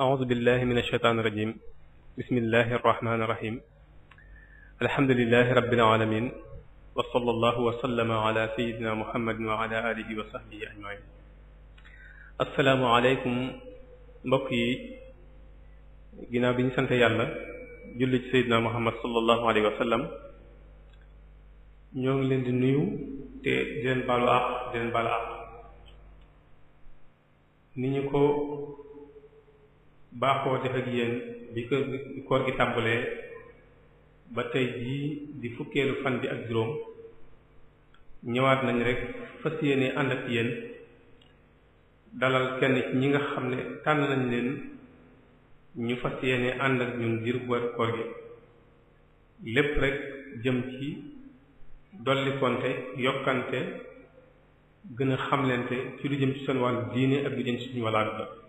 أعوذ بالله من الشيطان الرجيم بسم الله الرحمن الرحيم الحمد لله رب العالمين وصلى الله وسلم على سيدنا محمد وعلى آله وصحبه أجمعين السلام عليكم mbokk yi ginnaaw bi ñu sant yàlla julli ci Seydina Muhammad sallallahu alayhi wa sallam ñoo ngi leen di nuyu te di leen baalu àq di leen baalu àq ni ñu ko baaxoo def ak yéen bi ko bi koor gi tàmbalee ba tey jii di fukkeelu fan bi ak juróom ñëwaat nañ rekk fas yéene ànd ak yéen dalal kenn ci ñi nga xam ne tànn nañ leen ñu fas yéene ànd ak ñun diir bu koor gi lépp rek jëm ci dollikonte yokkante gën a xamlente ci lu jëm ci seen wàllu diine ak lu jëm ci suñu wàllu àdduna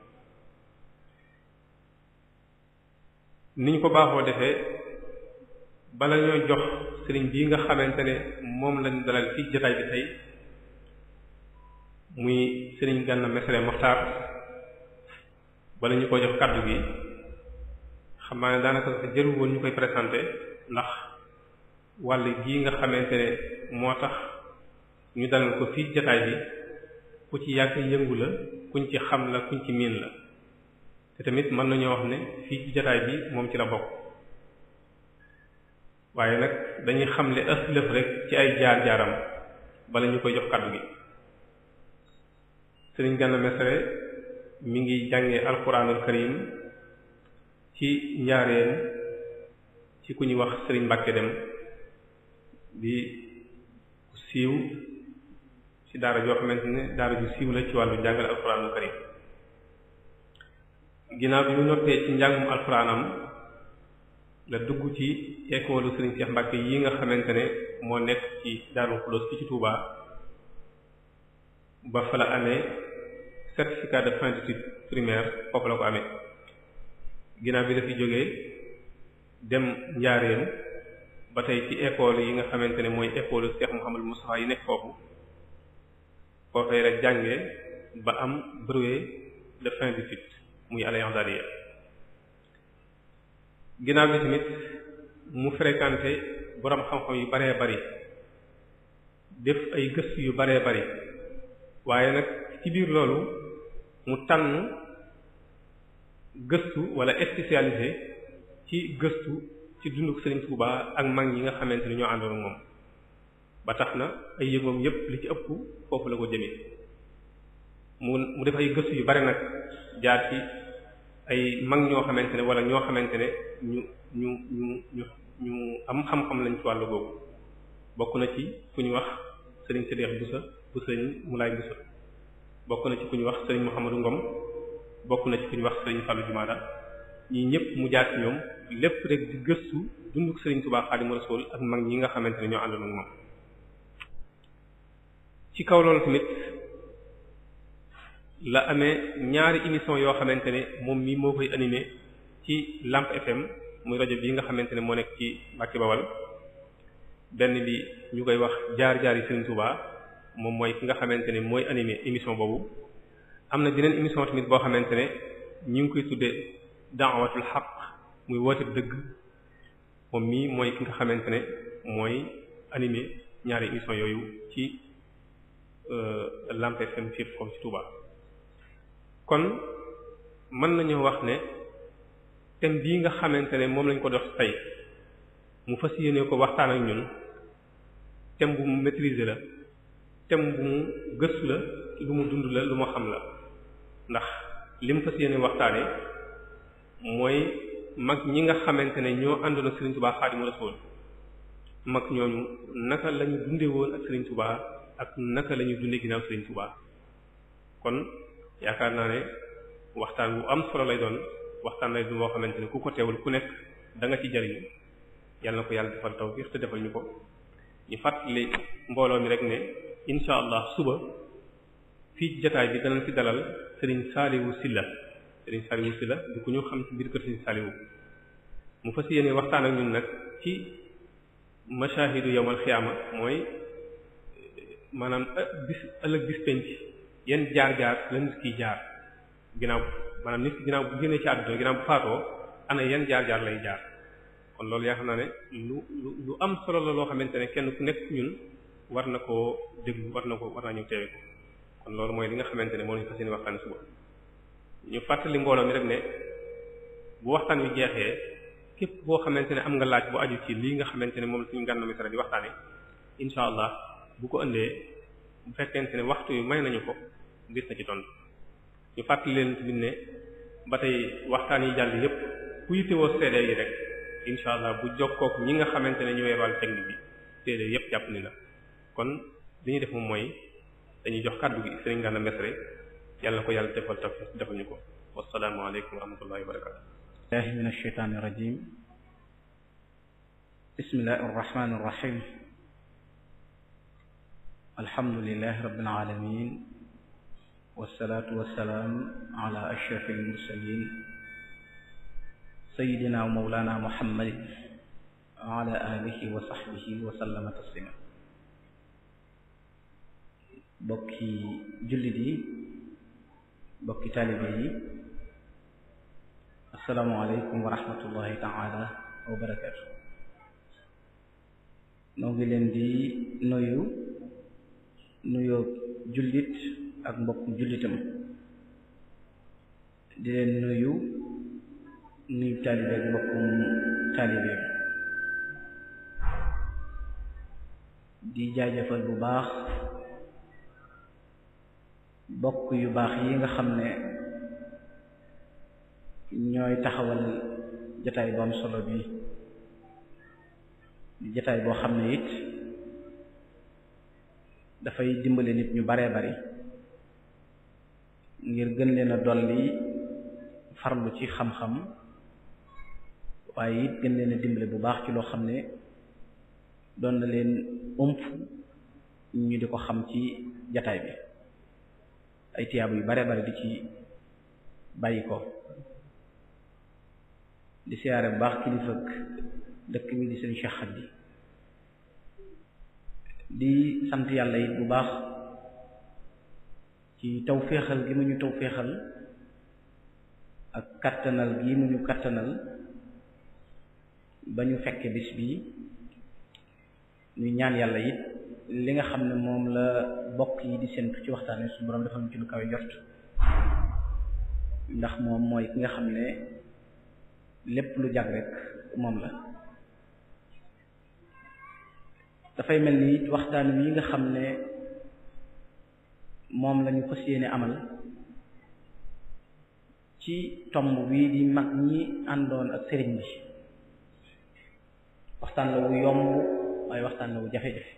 ni ñu ko baaxoo defee bala ñoo jox sëriñ bii nga xamante ne moom lañ dalal fii jotaay bi tey muy sëriñ Gana Messere Moxtaar bala ñu ko jox kàddu gi xam naa ne daanaka sa woon ñu koy présenté ndax wàll gii nga xamante ne moo tax ñu dalal ko fii jotaay bi ku ci yàgg yëngu la kuñ ci xam la kuñ ci miin la te tamit mën nañoo wax ne fii ci jataay bi moom ci la bokk waaye nag dañuy xamle aslëf rek ci ay jaar-jaaram bala ñu koy jox kàddu gi Sëriñ Gana Messere mi ngi jàngee alquranul karim ci njaareen ci ku ñuy wax Sëriñ Mbàkke dem di siiw ci daara joo xamante ne daara ju siiw la ci wàllu jàngale alquranul karim ginnaaw bi mu nottee ci njàngum alxuraanam la dugg ci école Serigne Cheikh Mbacke yi nga xamante ne moo nekk ci Darou Khoudoss ci ci Touba ba fa la amee certificat de fin d'études primaires foofu la ko amee ginnaaw bi dafi jógee dem njaareem ba tey ci école yi nga xamante ne mooy école Cheikh Mouhamadou Moustapha yi nekk foofu foofee la jàngee ba am brevet de fin d'études muy al-I'dadiyya ginnaaw bi tamit mu fréquenté borom xam-xam yu baree bari def ay gëstu yu baree bari waaye nag ci biir loolu mu tànn gëstu wala spécialisé ci gëstu ci dunduk Serigne Touba ak mag ñi nga xamante ni ñoo àndoon moom ba tax na ay yëngoom yépp li ci ëpp foofu la ko jëmee mu mu def ay gëstu yu bari nag jaar ci ay mag ñoo xamante ne wala ñoo xamante ne ñu ñu ñu ñu am xam-xam lañ ci wàll boobu bokk na ci ku ñu wax sëriñ Sédéex Busa bu sëriñ Mulaay Busa bokk na ci ku ñu wax sëriñ Mouhamadou Ngom bokk na ci ku ñu wax sëriñ Fallou Jumaada ñii ñëpp mu jaar ci ñoom lépp rek di gëstu dunduk sëriñ Tuubaa Xaadimu Rasuul ak mag ñi nga xamante ne ñoo àndoon ak moom ci kaw loolu tamit la amee ñaari émission yoo xamante ne moom mii moo koy animé ci LAMP FM muy rajo bii nga xamante ne moo nekk ci Mbàkke Bawal benn bi ñu koy wax jaar jaari yi Serigne Touba moom mooy ki nga xamante ne mooy animé émission boobu am na beneen émission tamit boo xamante ne ñu ngi koy tuddee da'watul haqq muy woote dëgg moom mii mooy ki nga xamante ne mooy animé ñaari émission yooyu ci euh, LAMP FM fii comme ci Touba. kon mën nañu wax ne thème bii nga xamante ne moom lañ ko dox tey mu fas yéene ko waxtaan ak ñun thème bu mu maîtriser la tem bu mu gëstu la lu mu dund la lu ma xam la ndax li mu fas yéene waxtaane mooy mag ñi nga xamante ne ñoo àndoon ak Serigne Touba Xaadimu Rasuul mag ñooñu naka lañu dunde woon ak Serigne Touba ak naka lañu dunde ginnaaw Serigne Touba kon yaakaar naa ne waxtaan bu am solo lay doon waxtaan lay doon boo xamante ne ku ko teewul ku nekk danga nga ci jariñu yàlla na ko yàlla defal tawfiq te defal ñu ko ñu fàttali mbooloo mi rek ne incha allah suba fii jataay bi danañ fi dalal Serigne Saliou Sylla Serigne Saliou Sylla du ko ñu xam ci biir kër Serigne Saliou mu fas yéene waxtaan ak ñun nag ci mashahidu yawmal xiyaama mooy eh, maanaam eh, bis ëllëg bis yenn jaar-jaar la nit ki jaar ginnaaw maanaam nit ki ginnaaw bu génnee ci àdduna ginnaaw bu faatoo ana yenn jaar-jaar lay jaar kon loolu yaa xam naa ne lu lu lu am solo la loo xamante ne kenn ku nekk ñun war na koo déglu war na ko war na ñëw teewe ko kon loolu mooy li nga xamante ne moo ñu fas yéene waxtaane suba ñu fàttali mbooloo mi rek ne bu waxtaan wi jeexee képp boo xamante ne am nga laaj bu aju ci lii nga xamante ne moom suñu ngànn mi tara di waxtaane incha allah bu ko ëndee bu fekkente ne waxtu yu may nañu ko gis na ci tontu ñu fàttali leen tamit ne ba tey waxtaan yi jàll yépp ku yittewoo CD yi rek incha allah bu jokkook ñi nga xamante ne ñoo yor wàllu technique bi CD yépp jàpp ni la kon li ñuy def moom mooy dañuy jox kàddu gi Serigne Gana Messere yàlla ko yàlla defal taw defal ko wassalaamu aleykum wa wa barakatuh billahi minash shaytaanir rajiim bismillahir rahmaanir rahiim alhamdulilah rabbil alamin wasalaatu wasalaam ala ashraf almursalin sayidina wa mawlana muhammadin wa ala alihi wa sahbihi wa sallama taslima bokki jullit yi bokki taalibe yi asalaamualeykum wa rahmatullahi taala wa barakatu noo ngi leen di nuyu nuyoo jullit ak mbokk jullitam di leen nuyu nuyu taalibe ak mbokkum di jaajëfal bu baax bokk yu baax yi nga xam ne ñooy taxawal jataay bu solo bi jataay boo xam ne it dafay dimbale nit ñu baree bari ngir gën leen a dolli farlu ci xam-xam waaye it gën leen a dimbale bu baax ci loo xam ne doon na leen ump ñu di ko xam ci jataay bi ay tiyaabu yu bare bare di ci bàyyi ko di siyaare bu baax kilifak dëkk bi di seen Cheikh Xadi di sant yàlla it bu baax ci taw féexal gi mu ñu taw ak kàttanal gi mu ñu kattanal ba ñu fekke bis bi ñuy ñaan yàlla it li nga xam ne moom la bokk yi di séntu ci waxtaane su borom defal ci lu kawe jot ndax moom mooy ki nga xam ne lépp lu jag rek moom la dafay mel ni waxtaan wi nga xam ne moom lañu fas yéene amal ci tomb bii di mag ñi àndoon ak sëriñ bi waxtaan la wu yomb waaye waxtaan la wu jafe-jafe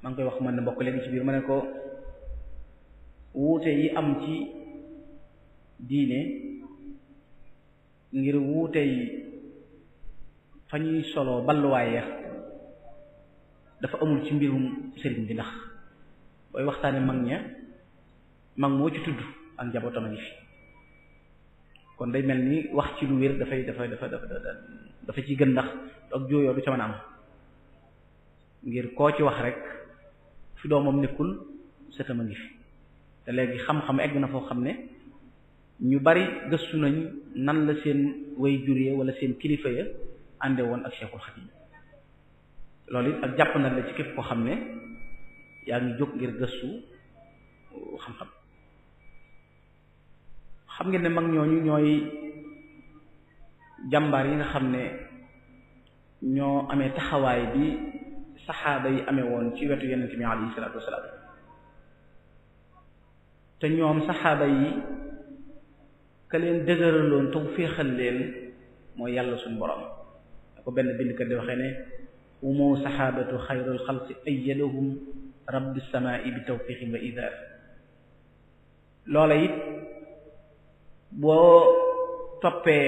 maa ngi koy wax mën na mbokk leen ci biir ma ne ko wuute yi am ci diine ngir wuute fa ñuy solo balluwaay ya dafa amul ci mbirum sëriñ bi ndax booy waxtaane mag ña mag moo ci tudd ak njabootam a ngi fi kon day mel ni wax ci lu wér dafay dafay dafa dafa dafa ci gën ndax ak jooyoo du ca mën am ngir koo ci wax rekk fi doomam nekkul sëtam a ngi fi te léegi xam-xam egg na foo xam ne ñu bari gëstu nañ nan la seen way jur ya wala seen kilifa ya ànde woon ak Cheikhul Khadim loolu it ak jàpp na ci képp koo xam ne yaa ngi jóg ngir gëstu uh, xam-xam xam ngeen ne mag ñooñu ñooy jàmbaar yi nga xam ne ñoo amee taxawaay bi saxaaba yi amee woon ci wetu yonent bi alayhi ñoom saxaaba yi ka leen dëgëraloon te féexal leen mooy yàlla suñu borom ko benn bindkat di waxee ne umu saxaabatu xayrul xalqi ayyadahum rabbi samaa'i bi tawfiqin wa idaar loola it boo toppee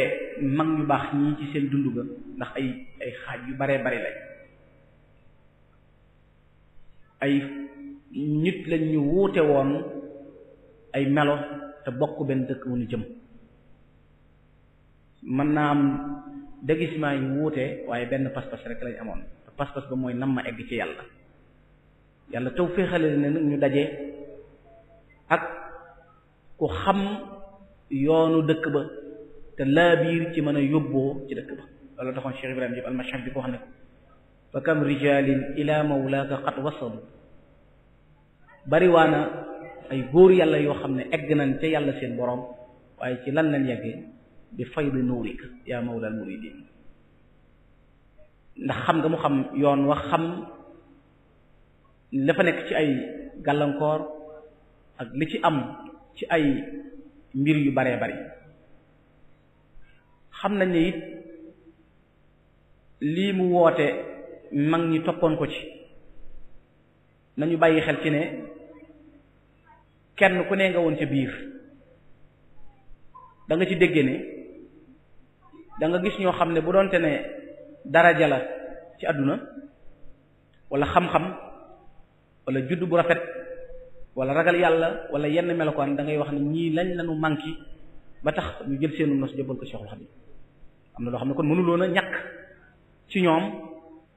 mag ñu baax ñii ci seen dund ga ndax ay ay xaaj yu bare bari lañ ay nit lañ ñu wuute woon ay melo te bokk benn dëkk wu ñu jëm mën naa am da gis maa wuute waaye benn pas-pas rek lañ amoon te pas-pas ba mooy nam ma egg ci yàlla yàlla taw féexale na ñu daje ak ku xam yoonu dëkk ba te laa biir ci mën a yóbboo ci dëkk ba loolu taxoon Cheikh Ibrahima Diop almashab di ko wax ne ko fa kam rijalin ila mawlaaka qad wasalu bariwaana ay góor yàlla yoo xam ne egg nañ ca yàlla seen boroom waaye ci lan lañ yeggee bi faydi nuurika yaa mawlal muridin ndax xam nga mu xam yoon wax xam la fa nekk ci ay gàllankoor ak li ci am ci ay mbir yu baree bari xam nañ ne lii mu woote mag ñi toppoon ko ci nañu bàyyi xel ci ne kenn ku ne nga woon ca biir da ci dégge ne da nga gis ñoo xam ne bu doonte ne daraja la ci àdduna wala xam-xam wala judd bu rafet wala ragal yàlla wala yenn melokaan da ngay wax ne ñii lañ lañu manqué ba tax ñu jël seenu nos jëbbal ko Cheikhul Khadim na loo xam ne kon mënuloon a ñàkk ci ñoom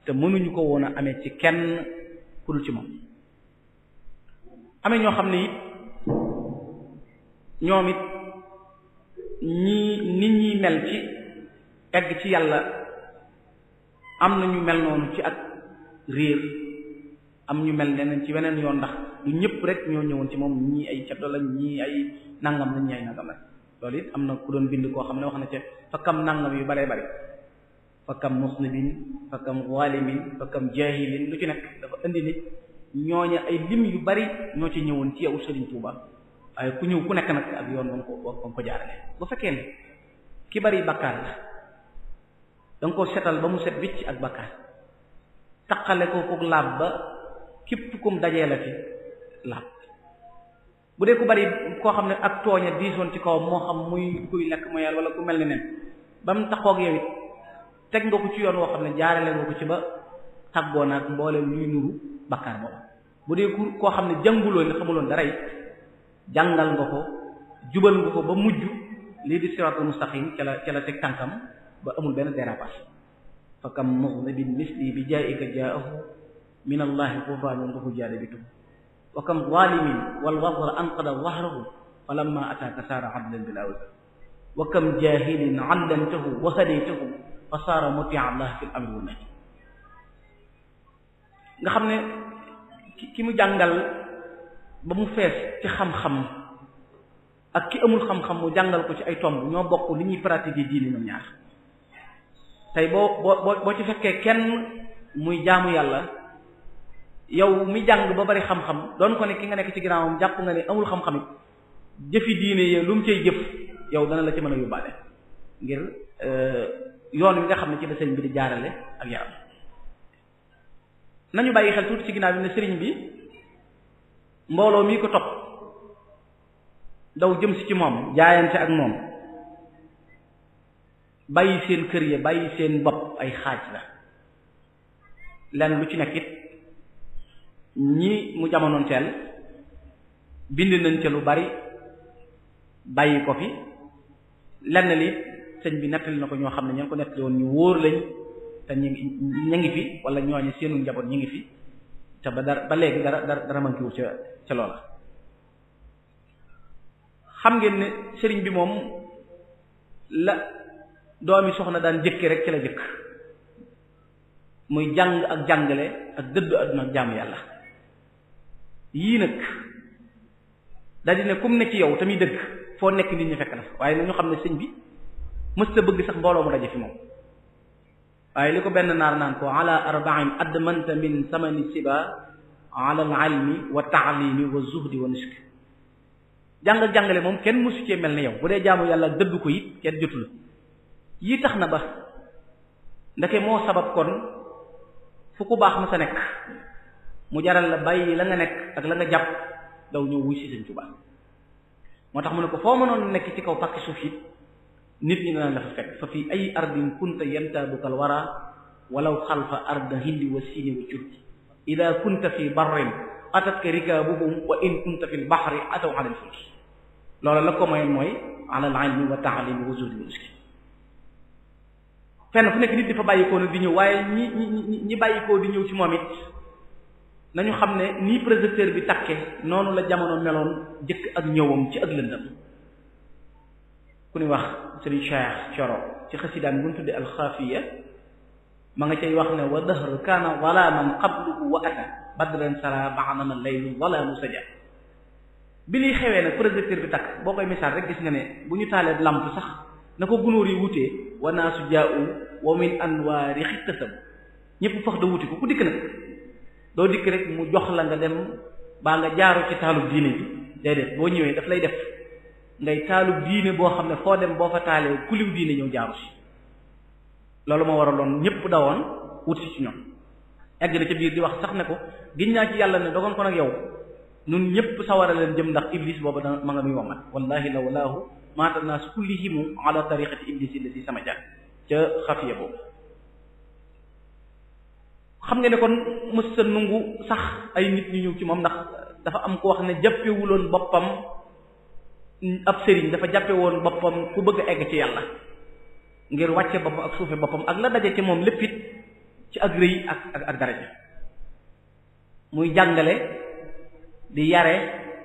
te mënuñu ko woon a amee ci kenn ku ci moom amee ñoo xam ne it ñoom it ñii nit ñi mel ci egg ci yàlla am na ñu mel noonu ci ak réer am ñu mel neneen ci weneen yoon ndax du ñëpp rek ñoo ñëwoon ci moom ñii ay caddo lañ ñii ay nangam lañ ay nangam lañ am na ku doon bind koo xam ne wax na ci fa kam nangam yu baree bari fa kam muslimin fa kam zalimin fa kam jahilin lu ci nekk dafa indi nit ñooñu ay lim yu bari ñoo ci ñëwoon ci yow Serigne Touba waaye ku ñëw ku nekk nag ak yoon ba mu ko ba mu bu fekkee ne ki bari bakkaar la da nga ko setal ba mu set wicc ak bakkaar taqale ko kook laab ba képp kum dajee la fi laab bu dee ku bari koo xam ne ak tooña diisoon ci kawam moo xam muy kuy lekk mu yàlla wala ku mel ne nen ba mu taxoog teg nga ko ci yoon woo xam ne jaarale nga ko ci ba tàggoo naag mbooleem luy nuru bakkaar boobu bu dee ku koo xam ne jànguloo ni xamuloon dara jàngal nga ko jubal nga ko ba mujj lii di siratul mustaqim ca la ca la teg tànkam ba amul benn dérapage fa kam mughdabin misli bi jaa'ika jaa'ahu min allahi qurbanun lahu jaadabituhu wa kam zalimin wal wadra anqada dhahrahu falamma ataaka saara adlan bil awsa wa kam jahilin allamtahu wa hadaytahu fa saara muti'a allah fil amri wan nahyi nga xam ne ki mu jàngal ba mu fees ci xam-xam ak ki amul xam-xam mu jàngal ko ci ay tomb ñoo bokk li ñuy pratiquer diini ñoom ñaar tey boo boo boo ci fekkee kenn muy jaamu yàlla yow mi jàng ba bari xam-xam doon ko ne ki nga nekk ci ginnaawam jàpp nga ne amul xam-xam it jëfi diine yi lu mu cay jëf yow dana la ci mën a yóbbaale ngir euh, yoon wi nga xam ne ci la sëriñ bi di jaarale ak yaram nañu bàyyi xel tuuti ci ginnaaw bi ne sëriñ bi mbooloo mii ko topp daw jëm si ci moom jaayante ak moom bàyyi seen kër ya bàyyi seen bopp ay xaaj la lenn lu ci nekk ñi mu jamonoon teel bind nañ ca lu bari bàyyi ko fi lenn li sëñ bi nettali na ko ñoo xam ne ñoo ko nettali woon ñu wóor lañ te ñu ngi ñu ngi fi wala ñooñu seenu njaboot ñu ngi fi te ba dara ba léegi dara dara dara manqué ca loola. xam ngeen ne sëriñ bi moom la. doomi soxna daan jëkk rek ci la jëkk muy jàng ak jàngale ak dëddu àdduna ak jaamu yàlla yii nag daldi ne kum ne ci yow tamit dëgg foo nekk nit ñu fekk na fa waaye nañu xam ne sëñ bi mësta bëgg sax mbooloo mu daje fi moom waaye li ko benn naar naan ko ala arba'in admanta min samani siba ala al-ilmi wa ta'limi wa zuhdi wa nusk jàng jàngale moom kenn mësu cee mel ne yow bu dee jaamu yàlla dëdd ko it kenn jotu yi tax na ba ndeke moo sabab kon fu ku baax ma sa nekk mu jaral la bàyyi la nga nekk ak la nga jàpp daw ñëw wuy si Sëriñ Tuubaa moo tax mu ne ko foo mënoon nekk ci kaw pàkki suuf yi nit ñi dana la fa fekk fa fii ay ardin kunta yamtaabukal wara walaw walla arda hindi wa siini wa curki ida kunta fi barrin atatka rikaabuhum wa in kunta fi lbaxri ataw alal fulki loolu la ko mayoon mooy alal ilmi wa taalimi wa zuhdi wa fenn fu nekk nit dafa bàyyikoo nag di ñëw waaye ñi ñi ñi bàyyikoo di ñëw ci moom it nañu xam ne nii projecteur bi takke noonu la jamono meloon jëkk ak ñëwam ci ak ku ñuy wax sëriñ ci xasidaan bu ñu tuddee alxaafiya ma nga cay wax ne wa dahr kaana zalaaman qabluhu wa ata badran sara baanama laylu saja bi liy xewee nag projecteur bi takk boo koy misaal rek gis nga ne bu ñu taalee lamp sax na ko gunóor yi wutee wanaa su jaa u wa min anwaari xittasam ñëpp fax da wuti ko ku dikk nag doo dikk rek mu jox la nga dem baa nga jaaro ci taalub diine bi déedéet boo ñëwee daf lay def ngay taalub diine boo xam ne foo dem boo fa taalee kuliw diine ñëw jaaru si loolu moo waraloon ñëpp dawoon wuti ci ñoom egg na ca biir di wax sax ne ko giñ naa ci yàlla ne dogoon ko nag yow nun ñëpp sawara leen jëm ndax iblis boobu da ma nga muy wamat wallahi maata naas kullihim ala tariqati iblis illati sama jàng ca xafiya boobu xam nga ne kon mës sa nungu sax ay nit ñu ñëw ci moom ndax dafa am ko wax ne jàppewuloon boppam ab sëriñ dafa jàppe woon boppam ku bëgg egg ci yàlla ngir wàcce boppam ak suufe boppam ak la daje ci moom lépp it ci ak rëy ak ak ak daraja muy jàngale di yare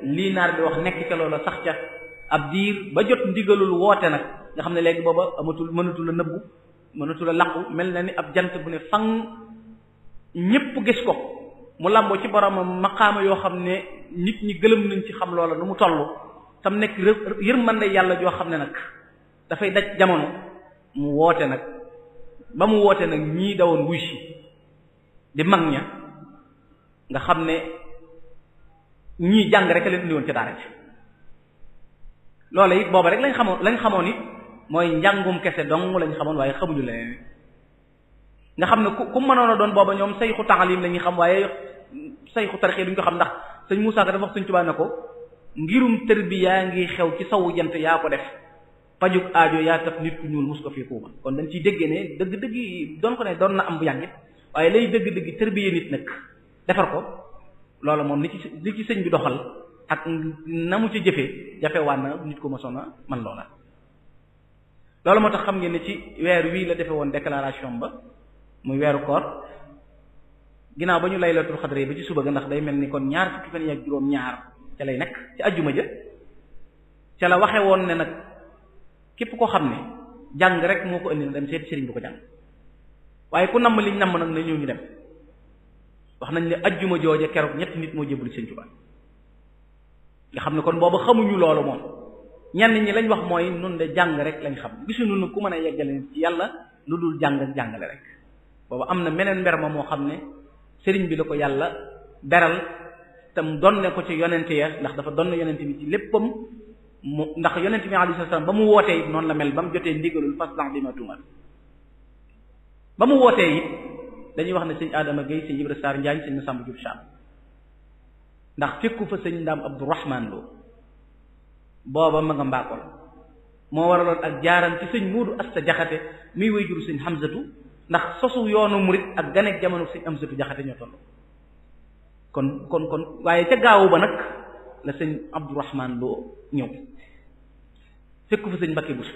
lii naar bi wax nekk ca loola sax ca ab diir ba jot ndigalul woote nag nga xam ne léegi booba amatul mënatul a nëbbu mënatul a laqu mel na ni ab jant bu ne fan ñépp gis ko mu làmboo ci boromam maqaama yoo xam ne nit ñi gëlëm nañ ci xam loola nu mu tollu tam nekk yërmande yàlla joo xam ne nag dafay daj jamono mu woote nag ba mu woote nag ñii dawoon wuy si di mag ña nga xam ne ñii jàng rek a leen indiwoon ca daara loola it booba rek lañ xamoon lañ xamoon it mooy njàngum kese dong lañ xamoon waaye xamuñu leneen nga xam ne ku ku mënoon a doon booba ñoom sayxu taalim la ñuy xam waaye sayxu tarixee duñ ko xam ndax sëñ Moussa Ka dafa wax sëñ Tuubaa ne ko ngirum tërbiya ngi xew ci sawu jant yaa ko def pajuk aajo yaa tax nit ku ñuul mus ko fi kuuma kon dañ ciy déggee ne dëgg dëgg doon ko ne doon na am bu yàggit waaye lay dëgg dëgg tërbiya nit nag defar ko loolu moom li ci li ci sëñ bi doxal ak na mu ca jëfee jafewaat na nit ko mosoon a man loola loolu moo tax xam ngeen ne ci weer wii la defe woon déclaration ba muy weeru koor ginnaaw ba ñu lay laylatul xadre ba ci suba ga ndax day mel ni kon ñaar fukki fan ak juróom ñaar ca lay nekk ci ajjuma ja ca la waxe woon ne nag képp koo xam ne jàng rek moo ko indi na dem seeti sëriñ bu ko jàng waaye ku namm liñ namm nag na ñëw ñu dem wax nañ ne ajjuma jooje keroog ñetti nit moo jébul sëriñ Tuubaa nga xam ne kon booba xamuñu loolu moom ñenn ñi lañ wax mooy nun de jàng rek lañ xam gisuñu nu ku mën a yeggale nit ci yàlla lu dul jàng ak jàngale rek booba am na meneen mber ma moo xam ne sëriñ bi la ko yàlla beral tam donne ko ci yonente ya ndax dafa donn yonente bi ci léppam mu ndax yonente bi alayhi salaam ba mu wootee it noonu la mel ba mu jotee ndigalul faslan bi ma tumal ba mu wootee it dañuy wax ne sëñ Adama Guèye sëñ Ibra Sarr Njaañ sëñ ndax fekku fa sëñ ndaam abdourahman loo booba ma nga mbaakol moo waraloon ak jaaram ci sëñ muudu asta jaxate muy way juru sëñ xamsatu ndax sosu yoonu murit ak ganeeg jamono sëñ xamsatu jaxate ñoo toll kon kon kon waaye ca gaawu ba nag la sëñ abdourahman loo ñëw fekku fa sëñ mbakke bus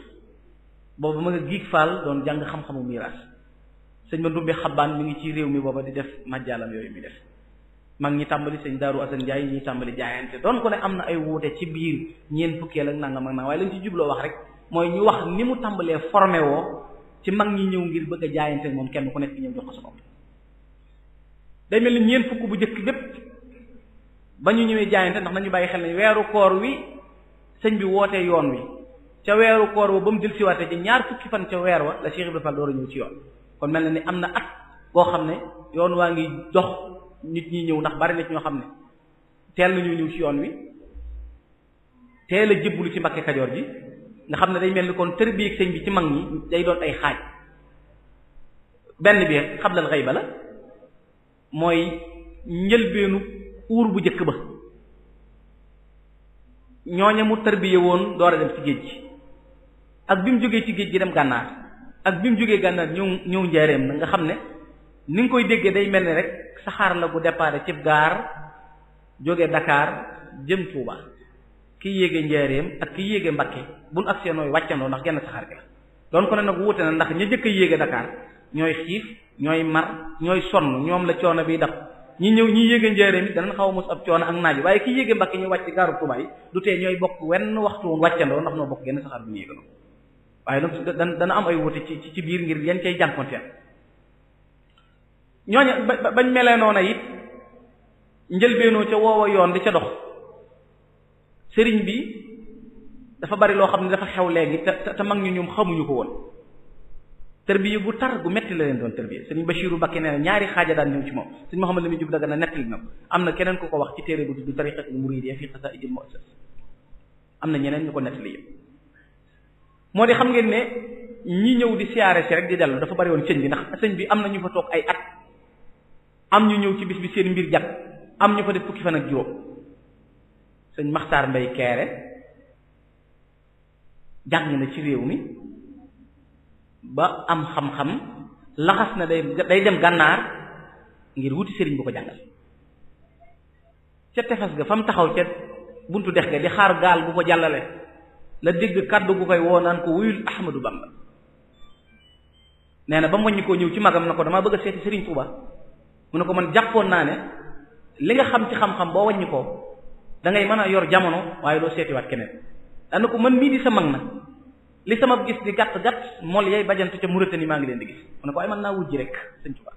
booba ma nga giig faal doon jàng xam-xamu miraas sëñ ma ndumbe xabbaan mi ngi ci réew mi booba di def majjaalam yooyu mi def mag ñi tàmbali sëñ daaru asan njaay ñi tàmbali jaayante doon ko ne am na ay wuute ci biir ñeen fukkeel ak nangam ak nangam waaye lañ ci jubloo wax rek mooy ñu wax ni mu tàmbalee formé woo ci mag ñi ñëw ngir bëgg a jaayante moom kenn ku nekk ñëw jox ko sa bopp day mel ni ñeen fukk bu jëkk bépp ba ñu ñëwee jaayante ndax nañu bàyyi xel ne weeru koor wi sëñ bi wootee yoon wi ca weeru koor wa ba mu dil siwaate ci ñaar fukki fan ca weer wa la Cheikh Ibrahima Fall ci yoon nit ñi ñëw ndax bari na ñoo xam ne teel nañu ñëw ci yoon wi teel a jébbalu ci Mbàkke Kajoor ji nga xam ne day mel ni kon tërbiyeek sëñ bi ci mag ñi day doon ay xaaj benn bi xablal xayba la mooy njëlbeenu uur bu njëkk ba ñooñe mu tërbiye woon door dem ci géej gi ak bi mu jógee ci géej gi dem gànnaar ak bi mu jógee gànnaar ñëw ñëw njaareem na nga xam ne ni nga koy déggee day mel ni rek saxaar la bu départ cib gaar jóge dakaar jëm Touba ki yéege njaareem ak ki yéege Mbakke bu agsee nooy wàccandoo genn saxaar gi la doon ko ne nag ndax ña jëkk a yéege Dakar ñooy xiif ñooy mar ñooy ñoom la coono bi dab ñi ñëw ñi yéege njaareem it danañ xaw a mos ab coono ak naaj waaye ki ñu wàcc gaaru Touba ñooy bokk wenn waxtu wàccandoo ndax noo bokk genn saxaar bu ñu yéegandoo waaye nag dana am ay wuute ci biir ngir yan cay jànkonteel ñooñu bañ melee noona it njëlbeenoo ca woowa yoon di ca dox sëriñ bi dafa bari loo xam ne dafa xew léegi te te mag ñu ñoom xamuñu ko woon tërbiye bu tar gu metti la leen doon tërbiye sëriñ Bachiru Bakke nee ñaari xaaja daan ñëw ci moom sëriñ Muhammad Lamin Jub daga na nettali na am na keneen ku ko wax ci téere bu tudd tariqatul muridiyya fi qasaa'idil mu'assas am na ñeneen ñu ko nettali yëpp moo di xam ngeen ne ñi ñëw di siyaare si rek di dellu dafa bari woon sëñ bi ndax sëñ bi am na ñu fa toog ay at am ñu ñëw ci bis bi seen mbir jat am ñu fa def fukki fan ak juróom sëñ maxtaar mbay keere jàng na ci réew mi ba am xam-xam laxas na day day dem gànnaar ngir wuti sëriñ bu ko jàngal ca tefes ga fa mu taxaw ca buntu dex ga di xaar gaal bu ko jàllale la dégg kàddu gu koy woo naan ko wuyul Ahmadu Bamba nee na ba moñ koo ñëw ci magam na ko dama bëgg a seeti sëriñ Tuuba mu ne ko man jàppoon naa ne li nga xam ci xam-xam boo wàññi ko da ngay mën a yor jamono waaye doo seetiwaat keneen dana ko man mii di sa mag na li sama gis di gàtt gàtt mol yay bajantu ca Mauritanie maa ngi leen di gis mu ne ko ay mën naa wujji rek sëñ Tuubaa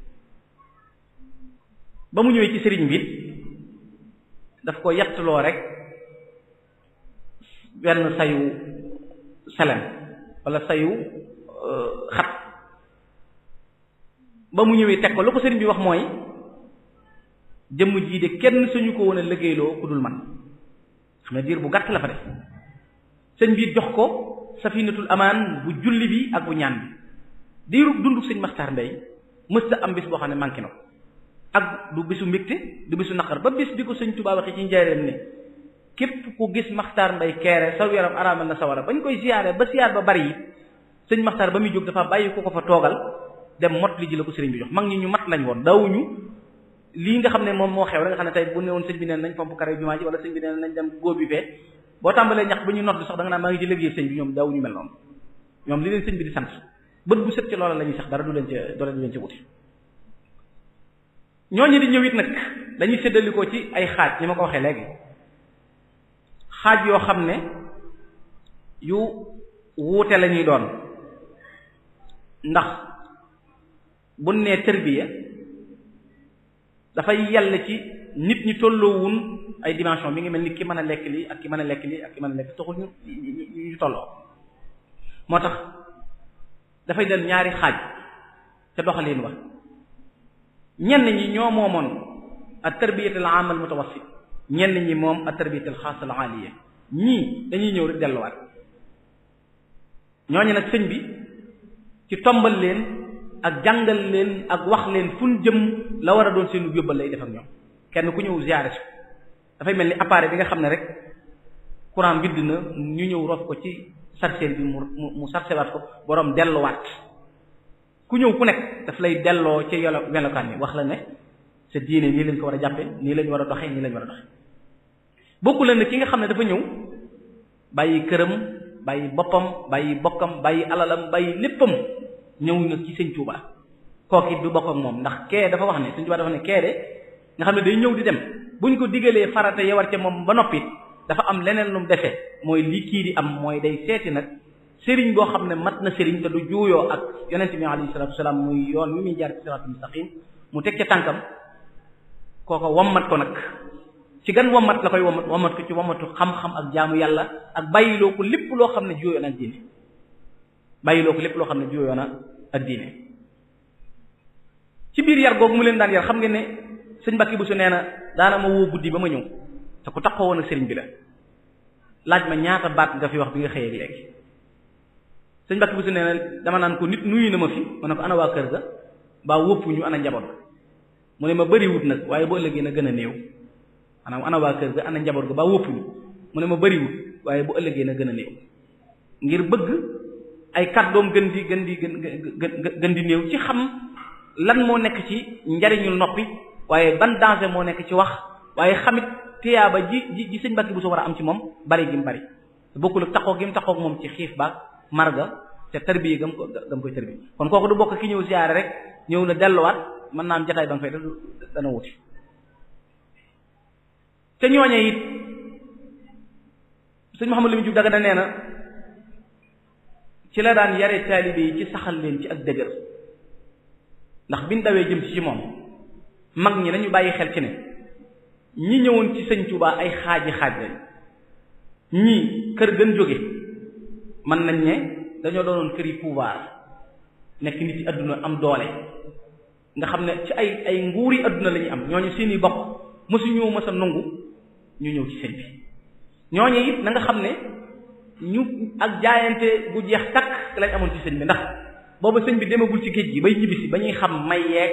ba mu ñëwee ci sëriñ bi daf ko yettloo rek benn sayu selem walla sayu euh, xat ba mu ñëwee teg ko lu ko sëriñ bi wax mooy jëmm jii de kenn suñu ko woon a liggéeyloo ku dul man xam ne diir bu gàtt la fa def sëñ bi jox ko safinatul amaan bu julli bi ak bu ñaan bi diiru dunduk sëñ Maxtaar Mbay mës ta am bis boo xam ne manqué na ak du bisu mbégte du bisu naqar ba bis bi ko sëñ Tuubaa waxee ci njaareem ne képp ku gis Maxtaar Mbay keere saw yaram araamal na sawara bañ koy siyaare ba siyaar ba bari yi sëñ Maxtaar ba muy jóg dafa bàyyi ko ko fa toogal dem mot li ji la ko sëriñ bi jox mag ñi ñu mat lañ woon daawuñu lii nga xam ne moom moo xew rek nga xam ne tey bu newoon sëñ bi neen nañ pomp kare jumaa ji wala sëñ bi neen nañ dem góob bi fee boo tàmbalee ñax ba ñu not sax da nga naan maa ngi ci liggéey sëñ bi ñoom daawuñu mel noonu ñoom li leen sëñ bi di sant bët bu set ci loola la ñuy sax dara du leen ca doola du leen ca wuti ñooñu di ñëw nag dañuy séddalikoo ci ay xaaj ñi ma ko waxee léegi xaaj yoo xam ne yu la ñuy doon bu nee tërbiya dafay yell ci nit ñi tolloowun ay dimension mi ngi mel ni ki mën a lekk li ak ki mën a lekk li ak ki mën a lekk taxul ñu ñu tolloo moo tax dafay doon ñaari xaaj ca doxalin wa ñenn ñi ñoo moomoon at tarbiyatul aam al ñenn ñi moom at tarbiyatul xaas aaliya ñii dañuy ñëw rek delluwaat ñooñu nag sëñ bi ci tombal leen ak jàngal leen ak wax leen fu jëm la war a doon seen yóbbal lay def ak kenn ku ñëw ziare dafay mel ni appareil bi nga xam ne rek courant bidd na ñu ñëw rof ko ci sarcelle bi mu mu sarcewaat ko boroom delluwaat ku ñëw ku nekk daf lay delloo ci yolo melokaan bi wax la ne sa diine nii lañ ko war a jàppe nii lañu war a doxe nii lañ war a doxe bokku leen ne ki nga xam ne dafa ñëw bàyyi këram bàyyi boppam bàyyi bokkam bàyyi alalam bàyyi léppam ñëw nag ci sëñ Touba kooku it du bokk moom ndax kee dafa wax ne sëñ Touba dafa ne kee de nga xam ne day ñëw di dem buñ ko diggalee farata ya war ca moom ba noppi dafa am leneen lu mu defee mooy li kii di am mooy day seeti nag sëriñ boo xam ne mat na sëriñ te du juuyoo ak yonent bi alayhi salaatu wasalaam muy yoon wi muy jaar ci siraatul mustaqim mu teg ca tànkam kooko wammat ko nag ci gan wammat la koy wammat wammat ko ci wammatu xam-xam ak jaamu yàlla ak bàyyiloo ko lépp loo xam ne juuyoo nag diine bàyyiloo ko lépp loo xam ne juyoon na ak diine ci biir yar googu mu leen daan yar xam nga ne sëñ Mbàkke Buso nee na daana ma woo guddi ba ma ñëw te ku taxoo woon a sëriñ bi la laaj ma ñaata baat nga fi wax bi nga xëyeeg léegi sëñ Mbàkke bu nee na dama naan ko nit nuyu na ma fi ma ne ko ana waa kër ga baa wópp ñu ana njaboot mu ne ma bariwut nag waaye bu ëllëgee na gën a néew maanaam ana waa kër ga ana njaboot ga ba wópp ñu mu ne ma bëriwut waaye bu ëllëgee na gën a néew ay kàddoom gën di gën di gën gën di néew ci xam lan moo nekk ci njariñul noppi waaye ban danger moo nekk ci wax waaye xamit tiyaaba ji ji ji sëñ Mbàkke bu soo war a am ci moom bari gi mu bari bokkul ak taxaw gi mu taxaw moom ci xiif ba marga te tarbiya gam ko gam koy tarbiya kon kooku du bokk ki ñëw siyaare rek ñëw na delluwaat mën naa am jataay ba nga fay dana wuti te ñooñe it sëñ Mouhamadou Lamine Diouf daga na nee na ci la daan yare taalibe yi ci saxal leen ci ak dëgër ndax biñ dawee jëm ci moom mag ñi nañu bàyyi xel ci ne ñi ñëwoon ci sëñ Tuubaa ay xaaji xaaj lañ ñii kër gën jóge mën nañ ne dañoo doonoon kër yi pouvoir nekk nit ci àdduna am doole nga xam ne ci ay ay nguuri àdduna la ñuy am ñooñu seeni bokk mësuñu mës a nungu ñu ñëw ci sëñ bi ñooñu it na nga xam ne ñu ak jaayante bu jeex takk lañ amoon ci sëñ bi ndax booba sëñ bi demagul ci géej gi bay ñibbisi ba ñuy xam may yeeg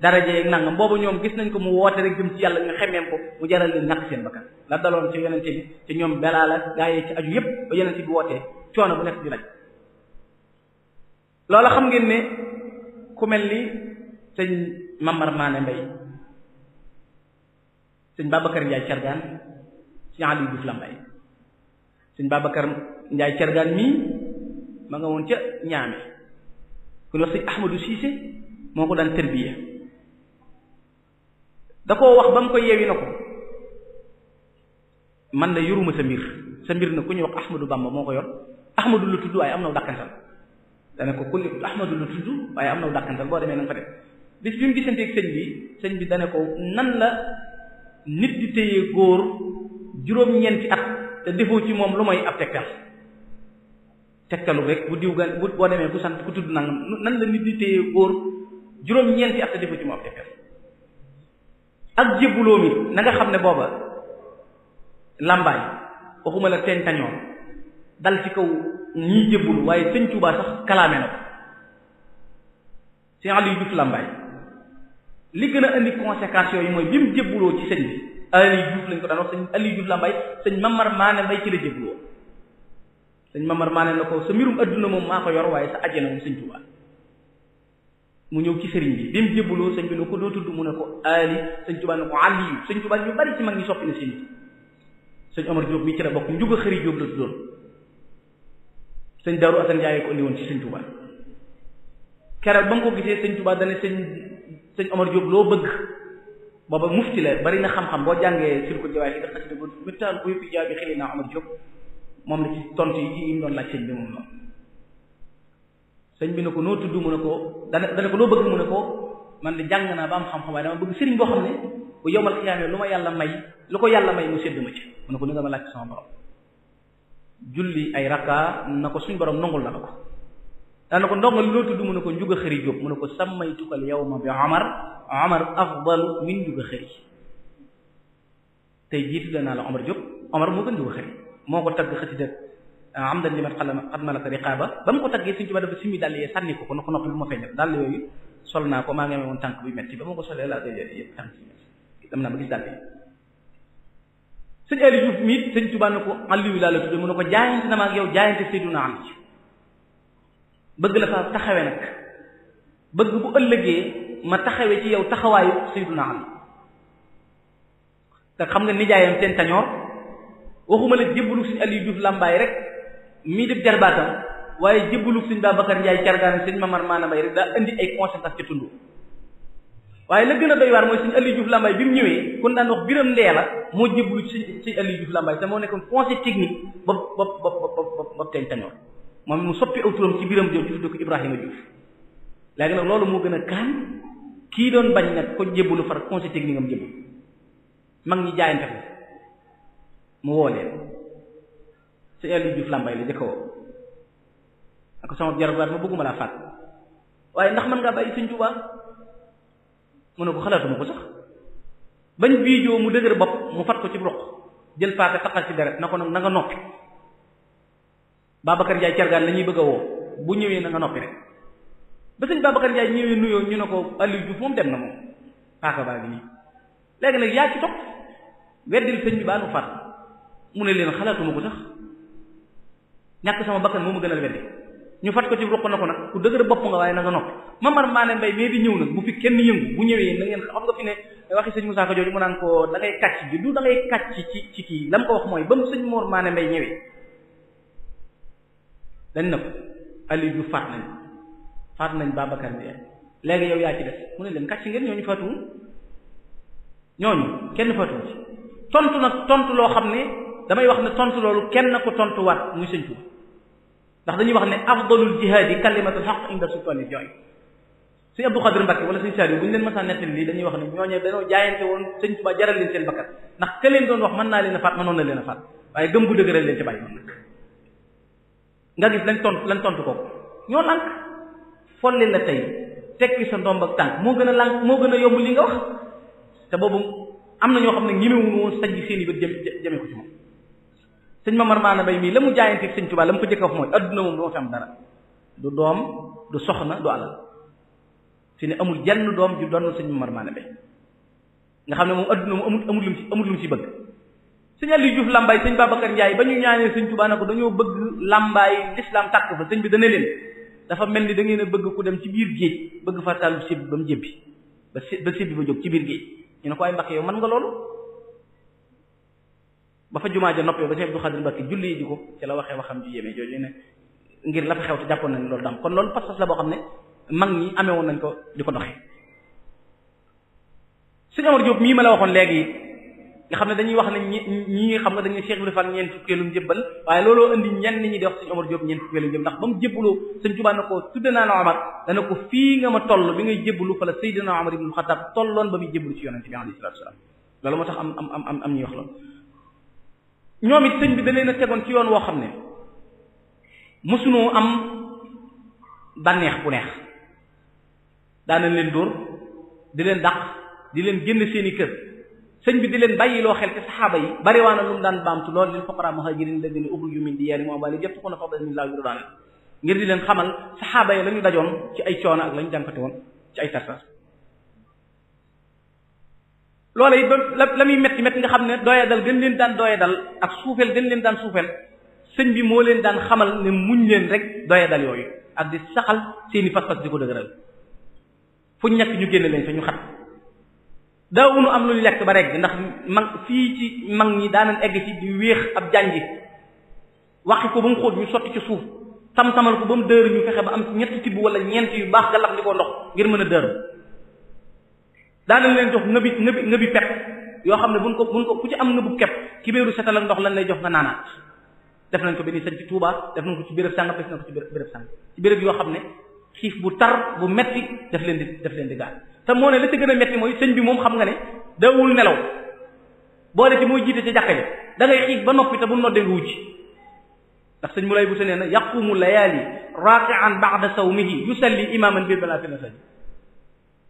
daraje yeeg nangam booba ñoom gis nañ ko mu woote rek jëm ci yàlla ñu xemeem ko mu jaral leen ñàkk seen bakkan la daloon ci yonente bi ci ñoom belaa la gaa yi ci aju yépp ba yonente bi wootee coono bu nekk di daj loola xam ngeen ne ku mel ni sëñ Mamar Maane Mbay sëñ Babacar Ndiaye Cargaan sëñ Aliou Diouf Lambaye suñ Babacar Ndiaye Cergaan mii ma nga woon ca ñaame ku wax sëñ Ahmadou Cissé moo ko daan tërbiya da koo wax ba mu ko yeewi na ko man la yoruma sa mbir sa mbir na ku ñuy wax Ahmadou Bamba moo ko yor Ahmadou lu tudd waaye am na dàkkantal dana ko ku nekk Ahmadou lu tudd waaye am na dàkkantal boo demee na nga fa def bis bi mu gisanteeg sëñ bi sëñ bi dana ko nan la nit di téye góor juróom-ñeenti at. te defoo ci moom lu may ab tegtal tegtalu rek bu diw ga bu boo demee ku sant ku tudd nangam nan la nit ñi téye góor juróom-ñeenti at te defoo ci moom ab tegtal ak jébbuloo mi na nga xam ne booba làmbaay waxuma la teen tañoon dal ci kaw ñiy jébbul waaye sëñ Tuubaa sax kalaame na ko sëñ Aliou Diouf làmbaay li gën a indi conséquences yooyu mooy bi mu jébbuloo ci sëñ bi Aliou Diouf lañ ko daan wax sëñ Aliou la mbay sëñ Mamar Maane mbay ci la jéblu woon sëñ Mamar Maane na ko sa mbirum adduna moom maa ko yor waaye sa ajjana moom sëñ Tuubaa mu ñëw ci sëriñ bi mu ko doo tudd na seen bi sëñ Omar la bokk njuga xëri Diop la tuddoon sëñ Daaru Asan Njaay ko indi ci sëñ Tuubaa keroog ba ko gisee sëñ Tuubaa dane sëñ sëñ Omar Diop loo bëgg booba mufti la bari na xam-xam boo jàngee sur ko jawaay yi daf xasida gu mittaan buy fi jaabi xëli naa Omar Diop moom la ci tontu yi yi mu doon laaj sëñ bi moom noonu sëñ bi ne ko noo tudd mu ne ko dana dana ko loo bëgg mu ne ko man de jàng naa ba am xam-xam waaye dama bëgg sëriñ boo xam ne bu yowmal xiyaamee lu ma yàlla may lu ko yàlla may mu sédd ma ci mu ne ko ni nga ma laaj sama borom julli ay rakka na ko suñ borom nongul na la ko daana ko ndongo li mu ne ko njuga xëri jóg mu ne ko sammaytukal yawma bi omar omar afdalu min njuga xëri tey jii tudd naa la omar jóg omar moo gën njuga xëri moo ko tagg xasida eh, amdan liman qad malaka riqaba ba mu ko ko ko na ko noppi lu ma fay naa ko maa ngi buy metti ba ma ko solee laa koy yëpp tànk yi sëñ sëñ Tuubaa ne ko Aliou laa la tudd mu ne ko jaayante na ma ak yow jaayante Seydina Ali bëgg la faa taxawe nag bëgg bu ëllëgee ma taxawe ci yow taxawaayu sayyiduna Ali te xam nga nijaayam seen tañoor waxuma la jébbalu suñu Aliou Diouf làmbaay rek mii def jarbaatam waaye jébbalu suñu Babacar Ndiaye cargaane suñu Mamar Maana Mbay rek daa indi ay conséquences ci tund waaye la gën a doy waar mooy suñu Aliou Diouf làmbaay bi mu ñëwee kon daan wax biram ndee la moo jébbalu ci suñu Aliou Diouf làmbaay te moo nekkoon conseil technique bopp bopp bopp bopp moom mu soppi aw turam ci biiram Diouf tudd ko Ibrahima Diouf léegi nag loolu moo gën a kaan kii doon bañ nag ko jébbalu far conseil technique am jébbalu mag ñi jaayante ko mu woo leen su Aliou Diouf la ak sama jarbaat ma bëgguma laa faat waaye ndax mën ngaa bàyyi Sëriñ Tuubaa mu ne ko xalaatuma ko sax bañ bii joo mu dëgër bopp mu fat ko ci roq jël paaka taqal ci deret na ko nag na noppi Babacar Ndiaye cergaan la ñuy bëgg woo bu ñëwee na nga noppi rek ba sëñ Babacar Ndiaye ñëwee nuyoo ñu ne ko Aliou Diouf moom dem na moom paaka baa ngi nii léegi nag yaa ci topp weddil sëñ bi baa nu faat mu ne leen xalaatuma ko sax ñàkk sama bakkan moo ma gënal weddi ñu fat ko ci ruq na ko nag ku dëgër bopp nga waaye na nga noppi ma man maa ne mbay di ñëw nag bu fi kenn yëngu bu ñëwee na ngeen xam nga fi ne waxi sëñ Moussa ko jooju mu naan ko da ngay kàcc bi ci ci kii la ko wax mooy ba mu sëñ Mor maa mbay ñëwee dañ na ko Aliou Diouf faat nañ faat nañ Babacar Ndiaye léegi yow yaa ci des mu ne leen kàcc ngeen ñooñu faatuwul ñooñu kenn faatuwul ci tontu na tontu loo xam ne damay wax ne tontu loolu kenn ko tontuwaat muy sëñ Tuuba ndax dañuy wax ne afdalul jihaad yi kalimatul haqq inda sultaani joy suñu Abdou Xadir Mbacke wala suñu Saliou bu ñu leen mën a nettali lii dañuy wax ne ñooñu dañoo jaayante woon sëñ Tuuba jaral leen seen bakkat ndax ka doon wax mën naa leen a faat na leen a faat waaye gëm gu dëgëral leen ci bàyyi nga gis lañ tontu lañ tontu ko ñoo lànk folli la tey tekki sa ndomb ak tànk moo gën a lànk moo gën a yomb li nga wax te boobu am na ñoo xam ne ñemewuñu woon sañ bi seen i bët jëm ko ci moom sëñ Mamar Maana Bay mii la mu jaayante sëñ Tuubaa la mu ko jëkk a wax mooy adduna moom doo fi am dara du doom du soxna du alal fi ne amul jenn doom ju doon sëñ Mamar Maana Bay nga xam ne moom adduna moom amul amul lu mu bëgg sëñ Aliou Diouf Lambaye sëñ Babacar Ndiaye ba ñu ñaanee sëñ Touba ne ko dañoo bëgg Lambaye l'islam tàkk fa sëñ bi dana leen dafa mel ni da ngeen a bëgg ku dem ci biir géej bëgg fa tàllu sib ba mu jébbi ba ba ba jóg ci biir géej ñu ne ko ay Mbàkke yow man nga loolu ba fa jumaa ja noppee ba sëñ Abdou Khadir Mbàkke julli ji ko ci la waxee waxam ji yéeme jooju ne ngir la fa xew te jàppoon nañ loolu dam kon loolu pas-pas la boo xam ne mag ñi amee woon nañ ko di ko doxee sëñ Amar léegi nga xam ne dañuy wax ne ñi xam nga dañuy Cheikh Ibrahima Fall ñeent fukkeelu njëbbal waaye looloo indi ñenn ñi di wax sëñ Omar Diop ñeent fukkeelu njëbbal ndax ba mu jébbaloo sëñ Tuubaa na ko tudde naa la Omar dana ko fii nga ma toll bi ngay jébbalu fa la Seydina Omar ibn Khattab tolloon ba muy jébbalu ci yoon bi alayhi salaatu wasalaam moo tax am am am am am ñuy wax loolu ñoom it sëñ bi da leen a tegoon ci yoon woo xam ne mosunoo am bànneex bu neex daanañ leen dóor di leen dàq di leen génn seeni kër sëñ bi di leen bàyyiloo xel ci saxaaba yi bariwaana lu mu daan baamtu loolu lil fuqara muhajirin alladhina ukhriju min diyarihim wa amwalihim yabtaghuna fadlan min Allahi wa ridwanan ngir di leen xamal saxaaba yi la dajoon ci ay coono ak la ñu jànkate woon ci ay tartar loola it ba la muy metti metti nga xam ne dooya dal gën leen daan dooya dal ak suufeel gën leen daan suufeel sëñ bi moo leen daan xamal ne muñ leen rek dooya dal yooyu ak di saxal seeni pas-pas di ñu génn daawunu am lu ñu lekk ba regg ndax mag fii ci mag ñi daanañ egg ci di wéex ab jànji waxi ko ba xool xóot ñu sotti ci suuf tam-tamal ko ba mu dër ñu fexe ba am ñetti tibb wala ñeent yu baax galax di ko ndox ngir mën a dër daanañ leen jox ngëbi ngëbi ngëbi pepp yoo xam ne buñ ko buñ ku ci am ngëbu kepp ki béeru setal ak ndox lañ lay jox nga naanaat def nañ ko benn sañ ci Touba def nañ ko ci béréb sàngam def nañ ko ci béréb sàngam ci béréb yoo xam ne xiif bu tar bu metti def leen di daf leen di gaal te moo ne la ci gën a metti mooy sëñ bi moom xam nga ne dawul nelaw boole ci mooy jiite ci jàkka ji da ngay ba noppi te bu noddee nga wujj ndax sëñ mu lay bu senee na yaqumu layaali raqian ba'da sawmihi yusalli imaman bi balaa fi masajid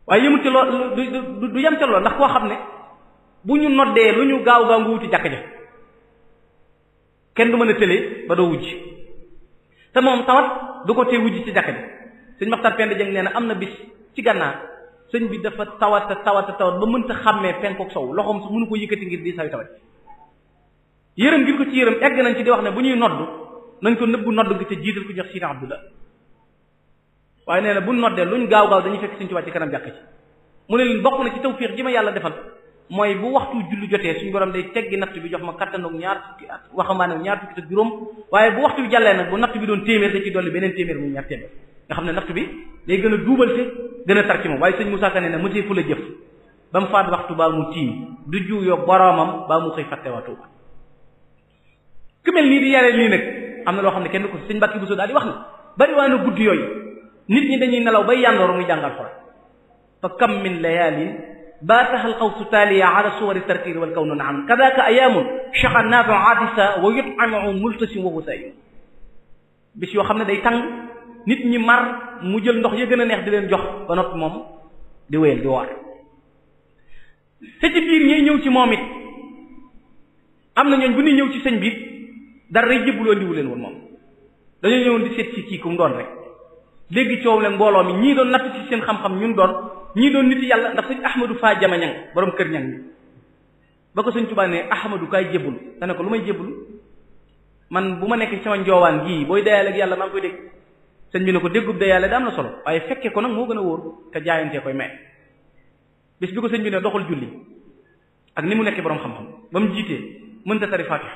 waaye yëmut ci lool du du yem ca lool ndax koo xam ne bu ñu noddee lu ñu gaaw gaaw nga wuti jàkka ja kenn du mën a tëlee ba doo wujj te moom tawat du ko tee wujj ci jàkka ja sëñ Maxtar Penda Dieng nee na am na bis ci gànnaar sëñ bi dafa tawata tawata tawat ba mënta xàmmee penkook sow loxoom su mënu ko yëkkati ngir di sawi tawat yërëm gi ko ci yërëm egg nañ ci di wax ne bu ñuy nodd nañ ko nëbbu nodd gi te jiital ko jox Sina Abdullah waaye nee na bu noddee luñ gaaw gaaw dañuy fekk sëñ Tuubaa ci kanam jàkk ci mu ne leen bokk na ci tawfiix ji ma yàlla defal mooy bu waxtu julli ñu suñu borom day teggi natt bi jox ma kattanook ñaar fukki at waxambaane ñaar fukki at juróom waaye bu waxtu bi jàllee nag bu natt bi doon ci dolli beneen téeméer muy ñaar nga xam ne natt bi day gën a duubal te gën a tar ci moom waaye sëñ Moussa ne ne mu la jëf ba mu faat waxtu baa mu tiim du juuyoo boroomam baa mu xëy fàttewa tuuba ku mel nii di yaree lii nag am na loo xam ne kenn ko sëñ Mbàkke Buso daal di wax na bari waa na guddi yooyu nit ñi dañuy nelaw bay yàndoor muy jàngal xora fa kam min layalin baataha alxawsu taaliya ala suwari tartiir wal kawnu na kadaka ayaamun shaqa naatu adisa wa yut'amu multasim wa nit ñi mar mu jël ndox ya gën a neex di leen jox ba noppi moom di wéyal di woor te ci biir ñay ñëw ci moom it am na ñooñ bu ñuy ñëw ci sëñ bi dara day jëbbuloo ndiwu leen woon moom dañoo ñëwoon di seet ci kii kum doon rek léegi coow leen mbooloo mi ñii doon natt ci seen xam-xam ñun doon ñii doon nit yàlla ndax sëñ Ahmadou Fa Jama ñang borom kër ñang ñi ba ko sëñ Tuubaa ne Ahmadou kaay jébbalu dana ko lu may jébbalu man bu ma nekk sama njoowaan gii booy dayal yàlla maa ngi koy sëñ bi ne ko déggub de yàlla da am na solo waaye fekke ko nag moo gën a wóor te jaayantee koy may bis bi ko sëñ bi ne doxal julli ak ni mu nekkee boroom xam-xam ba mu jiitee mënta tari Faatiha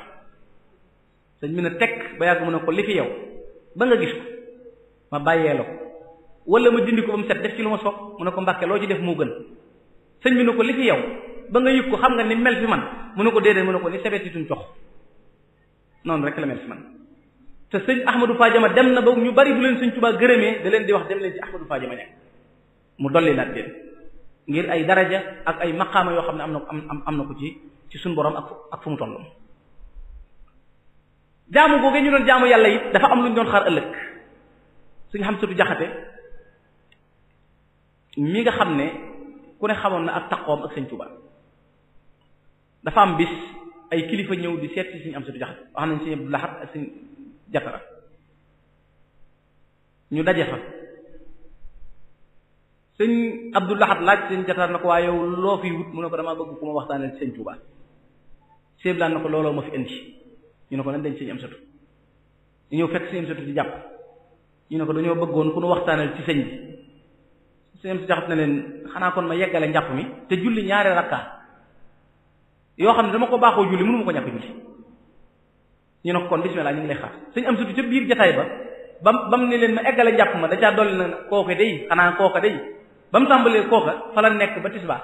sëñ bi ne tekk ba yàgg mu ne ko li fi yow ba nga gis ko ma bàyyee la ko wala ma dindi ko ba mu set def ci lu ma soog mu ne ko mbàkke loo ci def moo gën sëñ bi ne ko li fi yow ba nga yëg ko xam nga ni mel fi man mu ne ko déedéet mu ne ko ni sebetitum cox noonu rek te sëñ Ahmadou Fadiama dem na boobu ñu bari bu leen sëñ Tuubaa gërëmee da leen di wax dem leen ci Ahmadou Fadiama nekk mu dolli laat leen ngir ay daraja ak ay maqaama yoo xam ne am na am am na ko ci ci suñu borom ak fu mu toll. jaamu googee ñu doon jaamu yàlla it dafa am lu ñu doon xaar ëllëg suñu xam satu jaxate mi nga xam ne ku ne xamoon na ak taqoom ak sëñ Tuubaa dafa am bis ay kilifa ñëw di seet si suñu am satu jaxate wax nañ sëñ Abdou Lahad ak sëñ jatara ñu daje fa sëñ Abdou Lahad laaj sëñ jatara na ko waaye yow loo fi wut mu ne ko damaa bëgg ku ma waxtaanee sëñ Touba seeblaan na ko looloo ma fi indi ñu ne ko nañ dañ sëñ am satu ñu fekk sëñ am satu di jàpp ñu ne ko dañoo bëggoon ku nu waxtaanal ci sëñ bi sëñ am si jaxat na leen xanaa kon ma yeggale njàpp mi te julli ñaari rakka yoo xam ne dama ko baaxoo julli mënu ma ko ñàkk julli ñu ne ko kon bismillah ñu ngi lay xaar suñu am sutu ca biir jataay ba bam bam ne leen ma eggale njàpp ma da caa dolli na kooka day xanaa kooka day ba mu tàmbalee kooka fa la nekk ba tisbaar